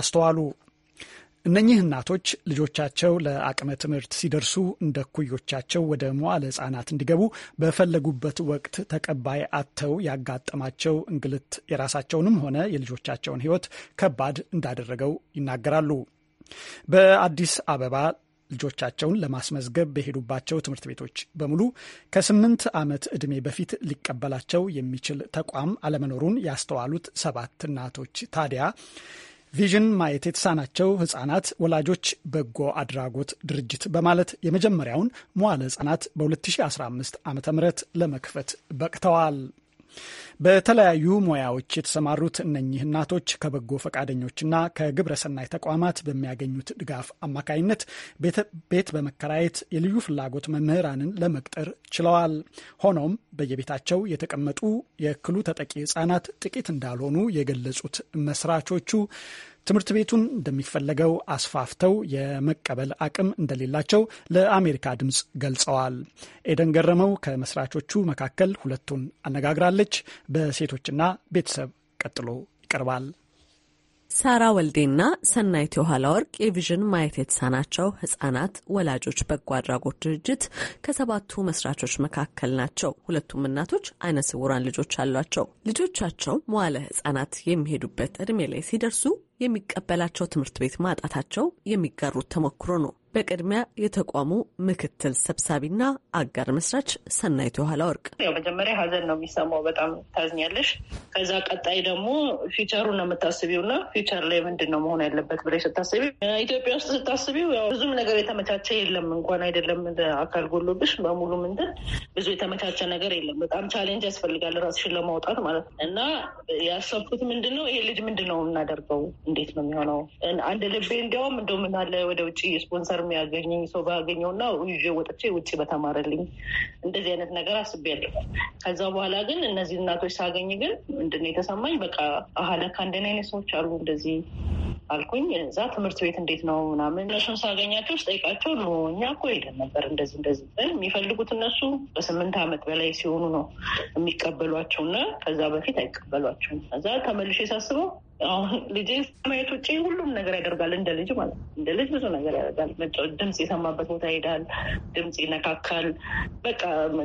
A: አስተዋሉ። እነኚህ እናቶች ልጆቻቸው ለአቅመ ትምህርት ሲደርሱ እንደ ኩዮቻቸው ወደ መዋለ ህጻናት እንዲገቡ በፈለጉበት ወቅት ተቀባይ አጥተው ያጋጠማቸው እንግልት የራሳቸውንም ሆነ የልጆቻቸውን ህይወት ከባድ እንዳደረገው ይናገራሉ። በአዲስ አበባ ልጆቻቸውን ለማስመዝገብ በሄዱባቸው ትምህርት ቤቶች በሙሉ ከስምንት ዓመት ዕድሜ በፊት ሊቀበላቸው የሚችል ተቋም አለመኖሩን ያስተዋሉት ሰባት እናቶች ታዲያ ቪዥን ማየት የተሳናቸው ህጻናት ወላጆች በጎ አድራጎት ድርጅት በማለት የመጀመሪያውን መዋለ ህጻናት በ2015 ዓ ም ለመክፈት በቅተዋል። በተለያዩ ሙያዎች የተሰማሩት እነኚህ እናቶች ከበጎ ፈቃደኞችና ከግብረሰናይ ተቋማት በሚያገኙት ድጋፍ አማካኝነት ቤት በመከራየት የልዩ ፍላጎት መምህራንን ለመቅጠር ችለዋል። ሆኖም በየቤታቸው የተቀመጡ የእክሉ ተጠቂ ህጻናት ጥቂት እንዳልሆኑ የገለጹት መስራቾቹ ትምህርት ቤቱን እንደሚፈለገው አስፋፍተው የመቀበል አቅም እንደሌላቸው ለአሜሪካ ድምፅ ገልጸዋል። ኤደን ገረመው ከመስራቾቹ መካከል ሁለቱን
N: አነጋግራለች። በሴቶችና ቤተሰብ ቀጥሎ ይቀርባል። ሳራ ወልዴና ሰናይት የኋላ ወርቅ የቪዥን ማየት የተሳናቸው ህጻናት ወላጆች በጎ አድራጎት ድርጅት ከሰባቱ መስራቾች መካከል ናቸው። ሁለቱም እናቶች አይነ ስውራን ልጆች አሏቸው። ልጆቻቸው መዋለ ህጻናት የሚሄዱበት እድሜ ላይ ሲደርሱ የሚቀበላቸው ትምህርት ቤት ማጣታቸው የሚጋሩት ተሞክሮ ነው። በቅድሚያ የተቋሙ ምክትል ሰብሳቢና አጋር መስራች ሰናይት የኋላ ወርቅ፣
Q: ያው መጀመሪያ ሀዘን ነው የሚሰማው፣ በጣም ታዝኛለሽ። ከዛ ቀጣይ ደግሞ ፊውቸሩን ነው የምታስቢው እና ፊውቸር ላይ ምንድን ነው መሆን ያለበት ብለሽ ስታስቢው፣ ኢትዮጵያ ውስጥ ስታስቢው ብዙም ነገር የተመቻቸ የለም። እንኳን አይደለም አካል ጎሎብሽ በሙሉ ምንድን ብዙ የተመቻቸ ነገር የለም። በጣም ቻሌንጅ ያስፈልጋል ራስሽን ለማውጣት ማለት ነው እና ያሰብኩት ምንድን ነው ይሄ ልጅ ምንድን ነው የምናደርገው እንዴት ነው የሚሆነው? አንድ ልቤ እንዲያውም እንደ ምናለ ወደ ውጭ ስፖንሰር የሚያገኝ ሰው ባገኘውና ይዤ ወጥቼ ውጭ በተማረልኝ እንደዚህ አይነት ነገር አስቤያለሁ። ከዛ በኋላ ግን እነዚህ እናቶች ሳገኝ ግን ምንድን ነው የተሰማኝ በቃ አህለ እንደን አይነት ሰዎች አሉ እንደዚህ አልኩኝ። እዛ ትምህርት ቤት እንዴት ነው ምናምን እነሱን ሳገኛቸው ስጠይቃቸው ኖ እኛ እኮ ሄደን ነበር እንደዚህ እንደዚህ የሚፈልጉት እነሱ በስምንት ዓመት በላይ ሲሆኑ ነው የሚቀበሏቸው እና ከዛ በፊት አይቀበሏቸውም። ከዛ ተመልሼ ሳስበው ልጅ ከማየት ውጭ ሁሉም ነገር ያደርጋል። እንደ ልጅ ማለት ነው። እንደ ልጅ ብዙ ነገር ያደርጋል። ድምፅ የሰማበት ቦታ ይሄዳል። ድምፅ ይነካካል። በቃ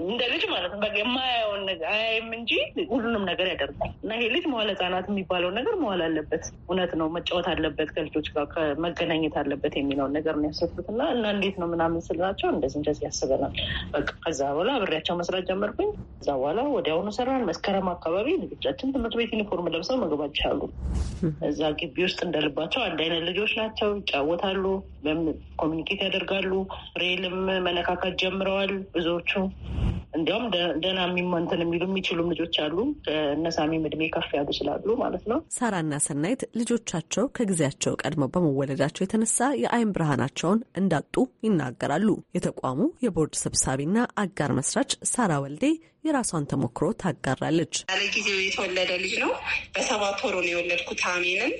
Q: እንደ ልጅ ማለት ነው። የማያየውን ነገር አያይም እንጂ ሁሉንም ነገር ያደርጋል እና ይሄ ልጅ መዋል ህጻናት የሚባለውን ነገር መዋል አለበት። እውነት ነው። መጫወት አለበት፣ ከልጆች ጋር መገናኘት አለበት የሚለውን ነገር ነው ያሰብኩት እና እና እንዴት ነው ምናምን ስልናቸው እንደዚህ እንደዚህ ያስበናል። በቃ ከዛ በኋላ አብሬያቸው መስራት ጀመርኩኝ። ከዛ በኋላ ወዲያውኑ ሰራን። መስከረም አካባቢ ልጆቻችን ትምህርት ቤት ዩኒፎርም ለብሰው መግባት አሉ። እዛ ግቢ ውስጥ እንደልባቸው አንድ አይነት ልጆች ናቸው። ይጫወታሉ፣ ኮሚኒኬት ያደርጋሉ። ሬልም መነካካት ጀምረዋል ብዙዎቹ። እንዲያውም ደህና የሚመንትን የሚሉ የሚችሉም ልጆች አሉ። እነሳሚም እድሜ ከፍ ያሉ ስላሉ ማለት ነው።
N: ሳራና ሰናይት ልጆቻቸው ከጊዜያቸው ቀድመው በመወለዳቸው የተነሳ የአይን ብርሃናቸውን እንዳጡ ይናገራሉ። የተቋሙ የቦርድ ሰብሳቢና አጋር መስራች ሳራ ወልዴ የራሷን ተሞክሮ ታጋራለች።
R: ጊዜው የተወለደ ልጅ ነው። በሰባት ወሩ ነው የወለድኩት አሜንን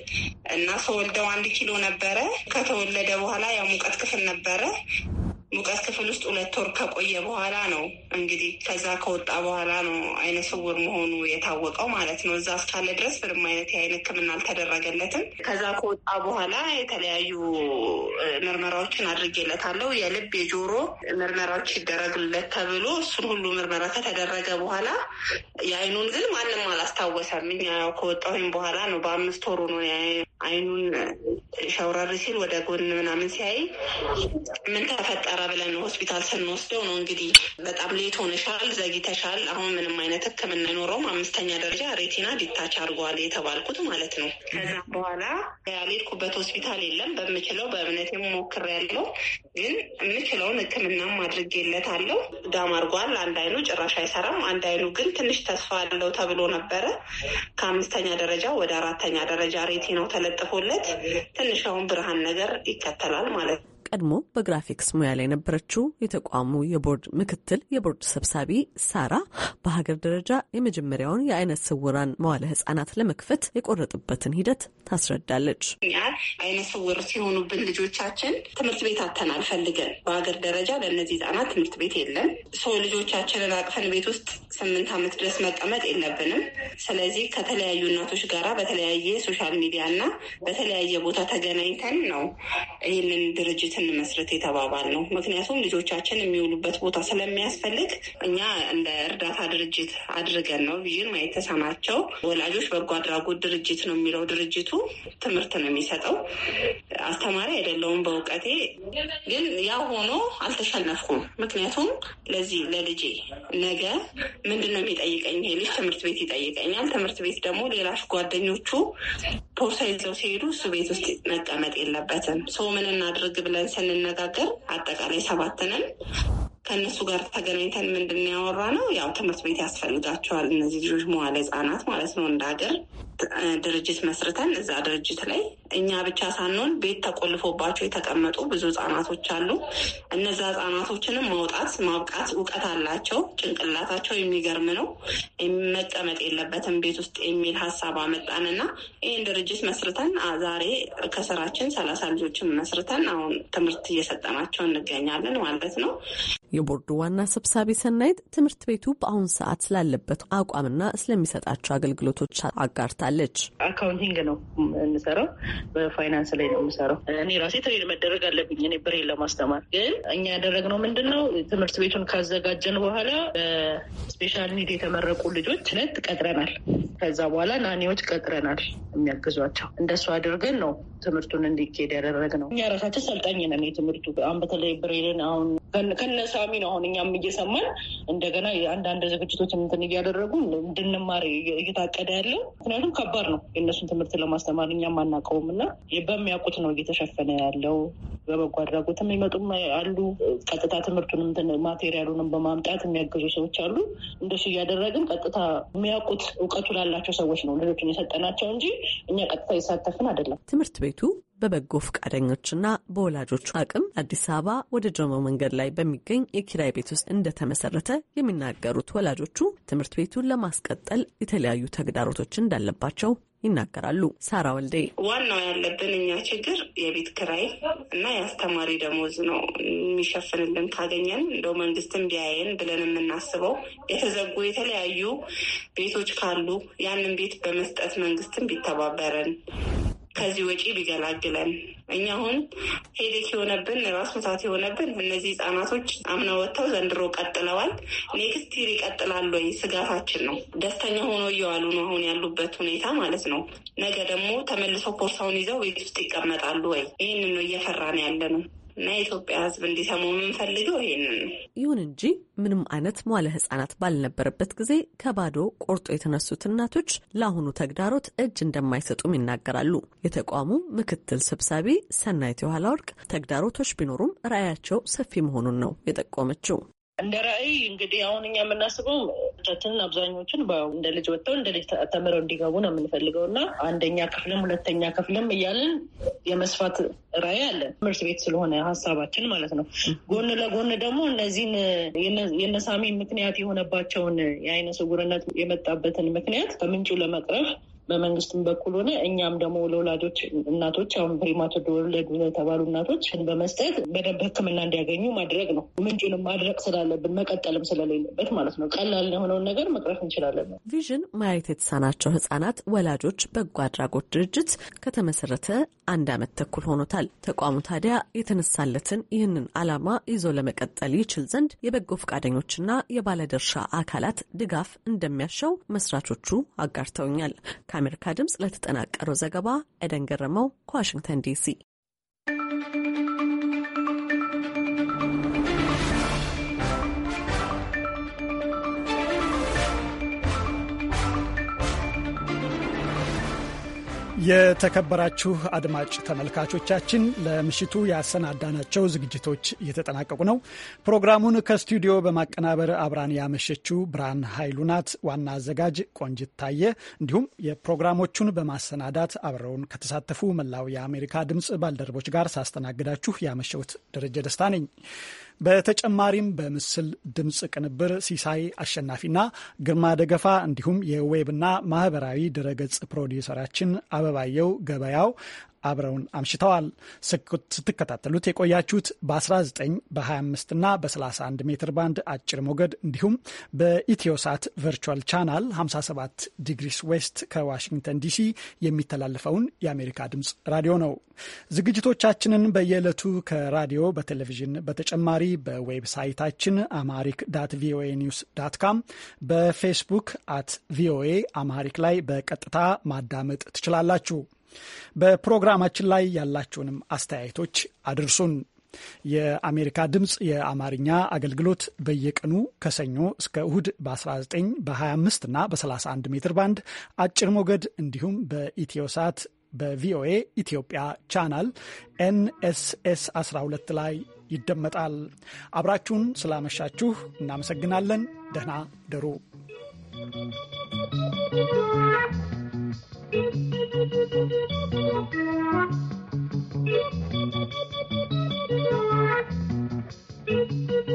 R: እና ሰወልደው አንድ ኪሎ ነበረ። ከተወለደ በኋላ ያው ሙቀት ክፍል ነበረ ሙቀት ክፍል ውስጥ ሁለት ወር ከቆየ በኋላ ነው እንግዲህ ከዛ ከወጣ በኋላ ነው አይነ ስውር መሆኑ የታወቀው ማለት ነው። እዛ እስካለ ድረስ ምንም አይነት የአይን ሕክምና አልተደረገለትም። ከዛ ከወጣ በኋላ የተለያዩ ምርመራዎችን አድርጌለታለሁ። የልብ የጆሮ ምርመራዎች ይደረግለት ተብሎ እሱን ሁሉ ምርመራ ከተደረ ከተደረገ በኋላ የአይኑን ግን ማንም አላስታወሰም። እኛ ከወጣሁኝ በኋላ ነው በአምስት ወሩ ነው አይኑን ሸውረር ሲል ወደ ጎን ምናምን ሲያይ ምን ተፈጠረ ብለን ሆስፒታል ስንወስደው ነው እንግዲህ በጣም ሌት ሆነሻል፣ ዘግይተሻል፣ አሁን ምንም አይነት ሕክምና አይኖረውም፣ አምስተኛ ደረጃ ሬቲና ዲታች አድርጓል የተባልኩት ማለት ነው። ከዛ በኋላ ያልሄድኩበት ሆስፒታል የለም። በምችለው በእምነት ሞክሬያለሁ፣ ግን የምችለውን ሕክምናም አድርጌለታለሁ። ዳም አድርጓል። አንድ አይኑ ጭራሽ አይሰራም፣ አንድ አይኑ ግን ትንሽ ተስፋ አለው ተብሎ ነበረ። ከአምስተኛ ደረጃ ወደ አራተኛ ደረጃ ሬቲናው ተለ ለጥፎለት ትንሽ አሁን ብርሃን ነገር ይከተላል ማለት ነው።
N: ቀድሞ በግራፊክስ ሙያ ላይ የነበረችው የተቋሙ የቦርድ ምክትል የቦርድ ሰብሳቢ ሳራ በሀገር ደረጃ የመጀመሪያውን የአይነ ስውራን መዋለ ህጻናት ለመክፈት የቆረጥበትን ሂደት ታስረዳለች።
R: አይነ ስውር ሲሆኑብን ልጆቻችን ትምህርት ቤት አተናል ፈልገን በሀገር ደረጃ ለእነዚህ ህጻናት ትምህርት ቤት የለም። ሰው ልጆቻችንን አቅፈን ቤት ውስጥ ስምንት ዓመት ድረስ መቀመጥ የለብንም። ስለዚህ ከተለያዩ እናቶች ጋራ በተለያየ ሶሻል ሚዲያ እና በተለያየ ቦታ ተገናኝተን ነው ይህንን ድርጅት እንመስርት የተባባል ነው። ምክንያቱም ልጆቻችን የሚውሉበት ቦታ ስለሚያስፈልግ እኛ እንደ እርዳታ ድርጅት አድርገን ነው ቪዥን ማየት የተሳናቸው ወላጆች በጎ አድራጎት ድርጅት ነው የሚለው ድርጅቱ ትምህርት ነው የሚሰጠው። አስተማሪ አይደለውም በእውቀቴ ግን ያ ሆኖ አልተሸነፍኩም። ምክንያቱም ለዚህ ለልጄ ነገ ምንድን ነው የሚጠይቀኝ? ይሄ ልጅ ትምህርት ቤት ይጠይቀኛል። ትምህርት ቤት ደግሞ ሌላሽ ጓደኞቹ ቦርሳ ይዘው ሲሄዱ እሱ ቤት ውስጥ መቀመጥ የለበትም። ሰው ምን እናድርግ ብለን ስንነጋገር አጠቃላይ ሰባትንም ከእነሱ ጋር ተገናኝተን ምንድን ያወራ ነው ያው ትምህርት ቤት ያስፈልጋቸዋል እነዚህ ልጆች መዋለ ህጻናት ማለት ነው። እንደ ሀገር ድርጅት መስርተን እዛ ድርጅት ላይ እኛ ብቻ ሳንሆን ቤት ተቆልፎባቸው የተቀመጡ ብዙ ህጻናቶች አሉ። እነዛ ህጻናቶችንም ማውጣት ማብቃት፣ እውቀት አላቸው፣ ጭንቅላታቸው የሚገርም ነው፣ መቀመጥ የለበትም ቤት ውስጥ የሚል ሀሳብ አመጣንና ይህን ድርጅት መስርተን ዛሬ ከስራችን ሰላሳ ልጆችን መስርተን አሁን ትምህርት እየሰጠናቸው እንገኛለን ማለት ነው።
N: የቦርዱ ዋና ሰብሳቢ ሰናይት ትምህርት ቤቱ በአሁን ሰዓት ስላለበት አቋምና ስለሚሰጣቸው አገልግሎቶች አጋርታለች።
Q: አካውንቲንግ ነው የምሰራው፣ በፋይናንስ ላይ ነው የምሰራው። እኔ ራሴ ትሬን መደረግ አለብኝ፣ እኔ ብሬን ለማስተማር ግን እኛ ያደረግነው ምንድን ነው ትምህርት ቤቱን ካዘጋጀን በኋላ በስፔሻል ኒድ የተመረቁ ልጆች ነት ቀጥረናል። ከዛ በኋላ ናኒዎች ቀጥረናል የሚያግዟቸው። እንደሱ አድርገን ነው ትምህርቱን እንዲካሄድ ያደረግነው። እኛ ራሳችን ሰልጣኝ ነን የትምህርቱ አሁን በተለይ ብሬንን አሁን ከነሳ በተደጋጋሚ ነው አሁን እኛም እየሰማን እንደገና አንዳንድ ዝግጅቶች እንትን እያደረጉ እንድንማር እየታቀደ ያለው ምክንያቱም ከባድ ነው የእነሱን ትምህርት ለማስተማር እኛም አናውቀውም እና በሚያውቁት ነው እየተሸፈነ ያለው። በበጎ አድራጎትም ይመጡም አሉ። ቀጥታ ትምህርቱንም ማቴሪያሉንም በማምጣት የሚያግዙ ሰዎች አሉ። እንደሱ እያደረግን ቀጥታ የሚያውቁት እውቀቱ ላላቸው ሰዎች ነው ልጆቹን የሰጠናቸው እንጂ እኛ ቀጥታ የሳተፍን አይደለም።
N: ትምህርት ቤቱ በበጎ ፈቃደኞችና በወላጆቹ አቅም አዲስ አበባ ወደ ጆሞ መንገድ ላይ በሚገኝ የኪራይ ቤት ውስጥ እንደተመሰረተ የሚናገሩት ወላጆቹ ትምህርት ቤቱን ለማስቀጠል የተለያዩ ተግዳሮቶች እንዳለባቸው ይናገራሉ። ሳራ ወልዴ፣
R: ዋናው ያለብን እኛ ችግር የቤት ክራይ እና የአስተማሪ ደሞዝ ነው የሚሸፍንልን ካገኘን እንደው መንግስትን ቢያየን ብለን የምናስበው የተዘጉ የተለያዩ ቤቶች ካሉ ያንን ቤት በመስጠት መንግስትም ቢተባበረን ከዚህ ወጪ ቢገላግለን። እኛ አሁን ሄዴክ የሆነብን ራስ ምታት የሆነብን እነዚህ ህጻናቶች አምና ወጥተው ዘንድሮ ቀጥለዋል። ኔክስት ይር ይቀጥላሉ ወይ ስጋታችን ነው። ደስተኛ ሆኖ እየዋሉ ነው አሁን ያሉበት ሁኔታ ማለት ነው። ነገ ደግሞ ተመልሰው ፖርሳውን ይዘው ቤት ውስጥ ይቀመጣሉ ወይ? ይህንን ነው እየፈራን ያለ ነው። እና የኢትዮጵያ ሕዝብ እንዲሰሙ የምንፈልገው ይህንን ነው።
N: ይሁን እንጂ ምንም አይነት መዋለ ሕጻናት ባልነበረበት ጊዜ ከባዶ ቆርጦ የተነሱት እናቶች ለአሁኑ ተግዳሮት እጅ እንደማይሰጡም ይናገራሉ። የተቋሙ ምክትል ሰብሳቢ ሰናይት የኋላ ወርቅ ተግዳሮቶች ቢኖሩም ራዕያቸው ሰፊ መሆኑን ነው የጠቆመችው።
Q: እንደ ራዕይ እንግዲህ አሁን እኛ የምናስበው ልጆቻችንን አብዛኞቹን እንደ ልጅ ወጥተው እንደ ልጅ ተምረው እንዲገቡ ነው የምንፈልገው እና አንደኛ ክፍልም ሁለተኛ ክፍልም እያለን የመስፋት ራዕይ አለን። ትምህርት ቤት ስለሆነ ሀሳባችን ማለት ነው። ጎን ለጎን ደግሞ እነዚህን የነሳሚ ምክንያት የሆነባቸውን የአይነ ስውርነት የመጣበትን ምክንያት ከምንጩ ለመቅረፍ በመንግስትም በኩል ሆነ እኛም ደግሞ ለወላጆች እናቶች አሁን ፕሪማቶ ወለዱ ለተባሉ እናቶች በመስጠት በደንብ ሕክምና እንዲያገኙ ማድረግ ነው። ምንጩንም ማድረግ ስላለብን መቀጠልም ስለሌለበት ማለት ነው። ቀላል የሆነውን ነገር መቅረፍ እንችላለን።
N: ቪዥን ማየት የተሳናቸው ህጻናት ወላጆች በጎ አድራጎት ድርጅት ከተመሰረተ አንድ አመት ተኩል ሆኖታል። ተቋሙ ታዲያ የተነሳለትን ይህንን አላማ ይዞ ለመቀጠል ይችል ዘንድ የበጎ ፈቃደኞችና የባለድርሻ አካላት ድጋፍ እንደሚያሻው መስራቾቹ አጋርተውኛል። ከአሜሪካ ድምፅ ለተጠናቀረው ዘገባ ኤደን ገረመው ከዋሽንግተን ዲሲ
A: የተከበራችሁ አድማጭ ተመልካቾቻችን ለምሽቱ ያሰናዳናቸው ዝግጅቶች እየተጠናቀቁ ነው። ፕሮግራሙን ከስቱዲዮ በማቀናበር አብራን ያመሸችው ብርሃን ኃይሉ ናት። ዋና አዘጋጅ ቆንጅት ታየ፣ እንዲሁም የፕሮግራሞቹን በማሰናዳት አብረውን ከተሳተፉ መላው የአሜሪካ ድምፅ ባልደረቦች ጋር ሳስተናግዳችሁ ያመሸሁት ደረጀ ደስታ ነኝ። በተጨማሪም በምስል ድምፅ ቅንብር ሲሳይ አሸናፊና ግርማ ደገፋ እንዲሁም የዌብና ማህበራዊ ድረገጽ ፕሮዲውሰራችን አበባየው ገበያው አብረውን አምሽተዋል። ስትከታተሉት የቆያችሁት በ19 በ25 እና በ31 ሜትር ባንድ አጭር ሞገድ እንዲሁም በኢትዮሳት ቨርቹዋል ቻናል 57 ዲግሪስ ዌስት ከዋሽንግተን ዲሲ የሚተላለፈውን የአሜሪካ ድምፅ ራዲዮ ነው። ዝግጅቶቻችንን በየዕለቱ ከራዲዮ በቴሌቪዥን በተጨማሪ በዌብሳይታችን አማሪክ ዳት ቪኦኤ ኒውስ ዳት ካም በፌስቡክ አት ቪኦኤ አማሪክ ላይ በቀጥታ ማዳመጥ ትችላላችሁ። በፕሮግራማችን ላይ ያላችሁንም አስተያየቶች አድርሱን። የአሜሪካ ድምፅ የአማርኛ አገልግሎት በየቀኑ ከሰኞ እስከ እሁድ በ19 በ25 እና በ31 ሜትር ባንድ አጭር ሞገድ እንዲሁም በኢትዮሳት በቪኦኤ ኢትዮጵያ ቻናል ኤንኤስኤስ 12 ላይ ይደመጣል። አብራችሁን ስላመሻችሁ እናመሰግናለን። ደህና ደሩ።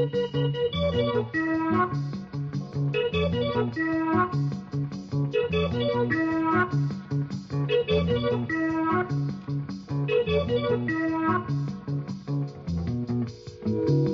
B: Thank you.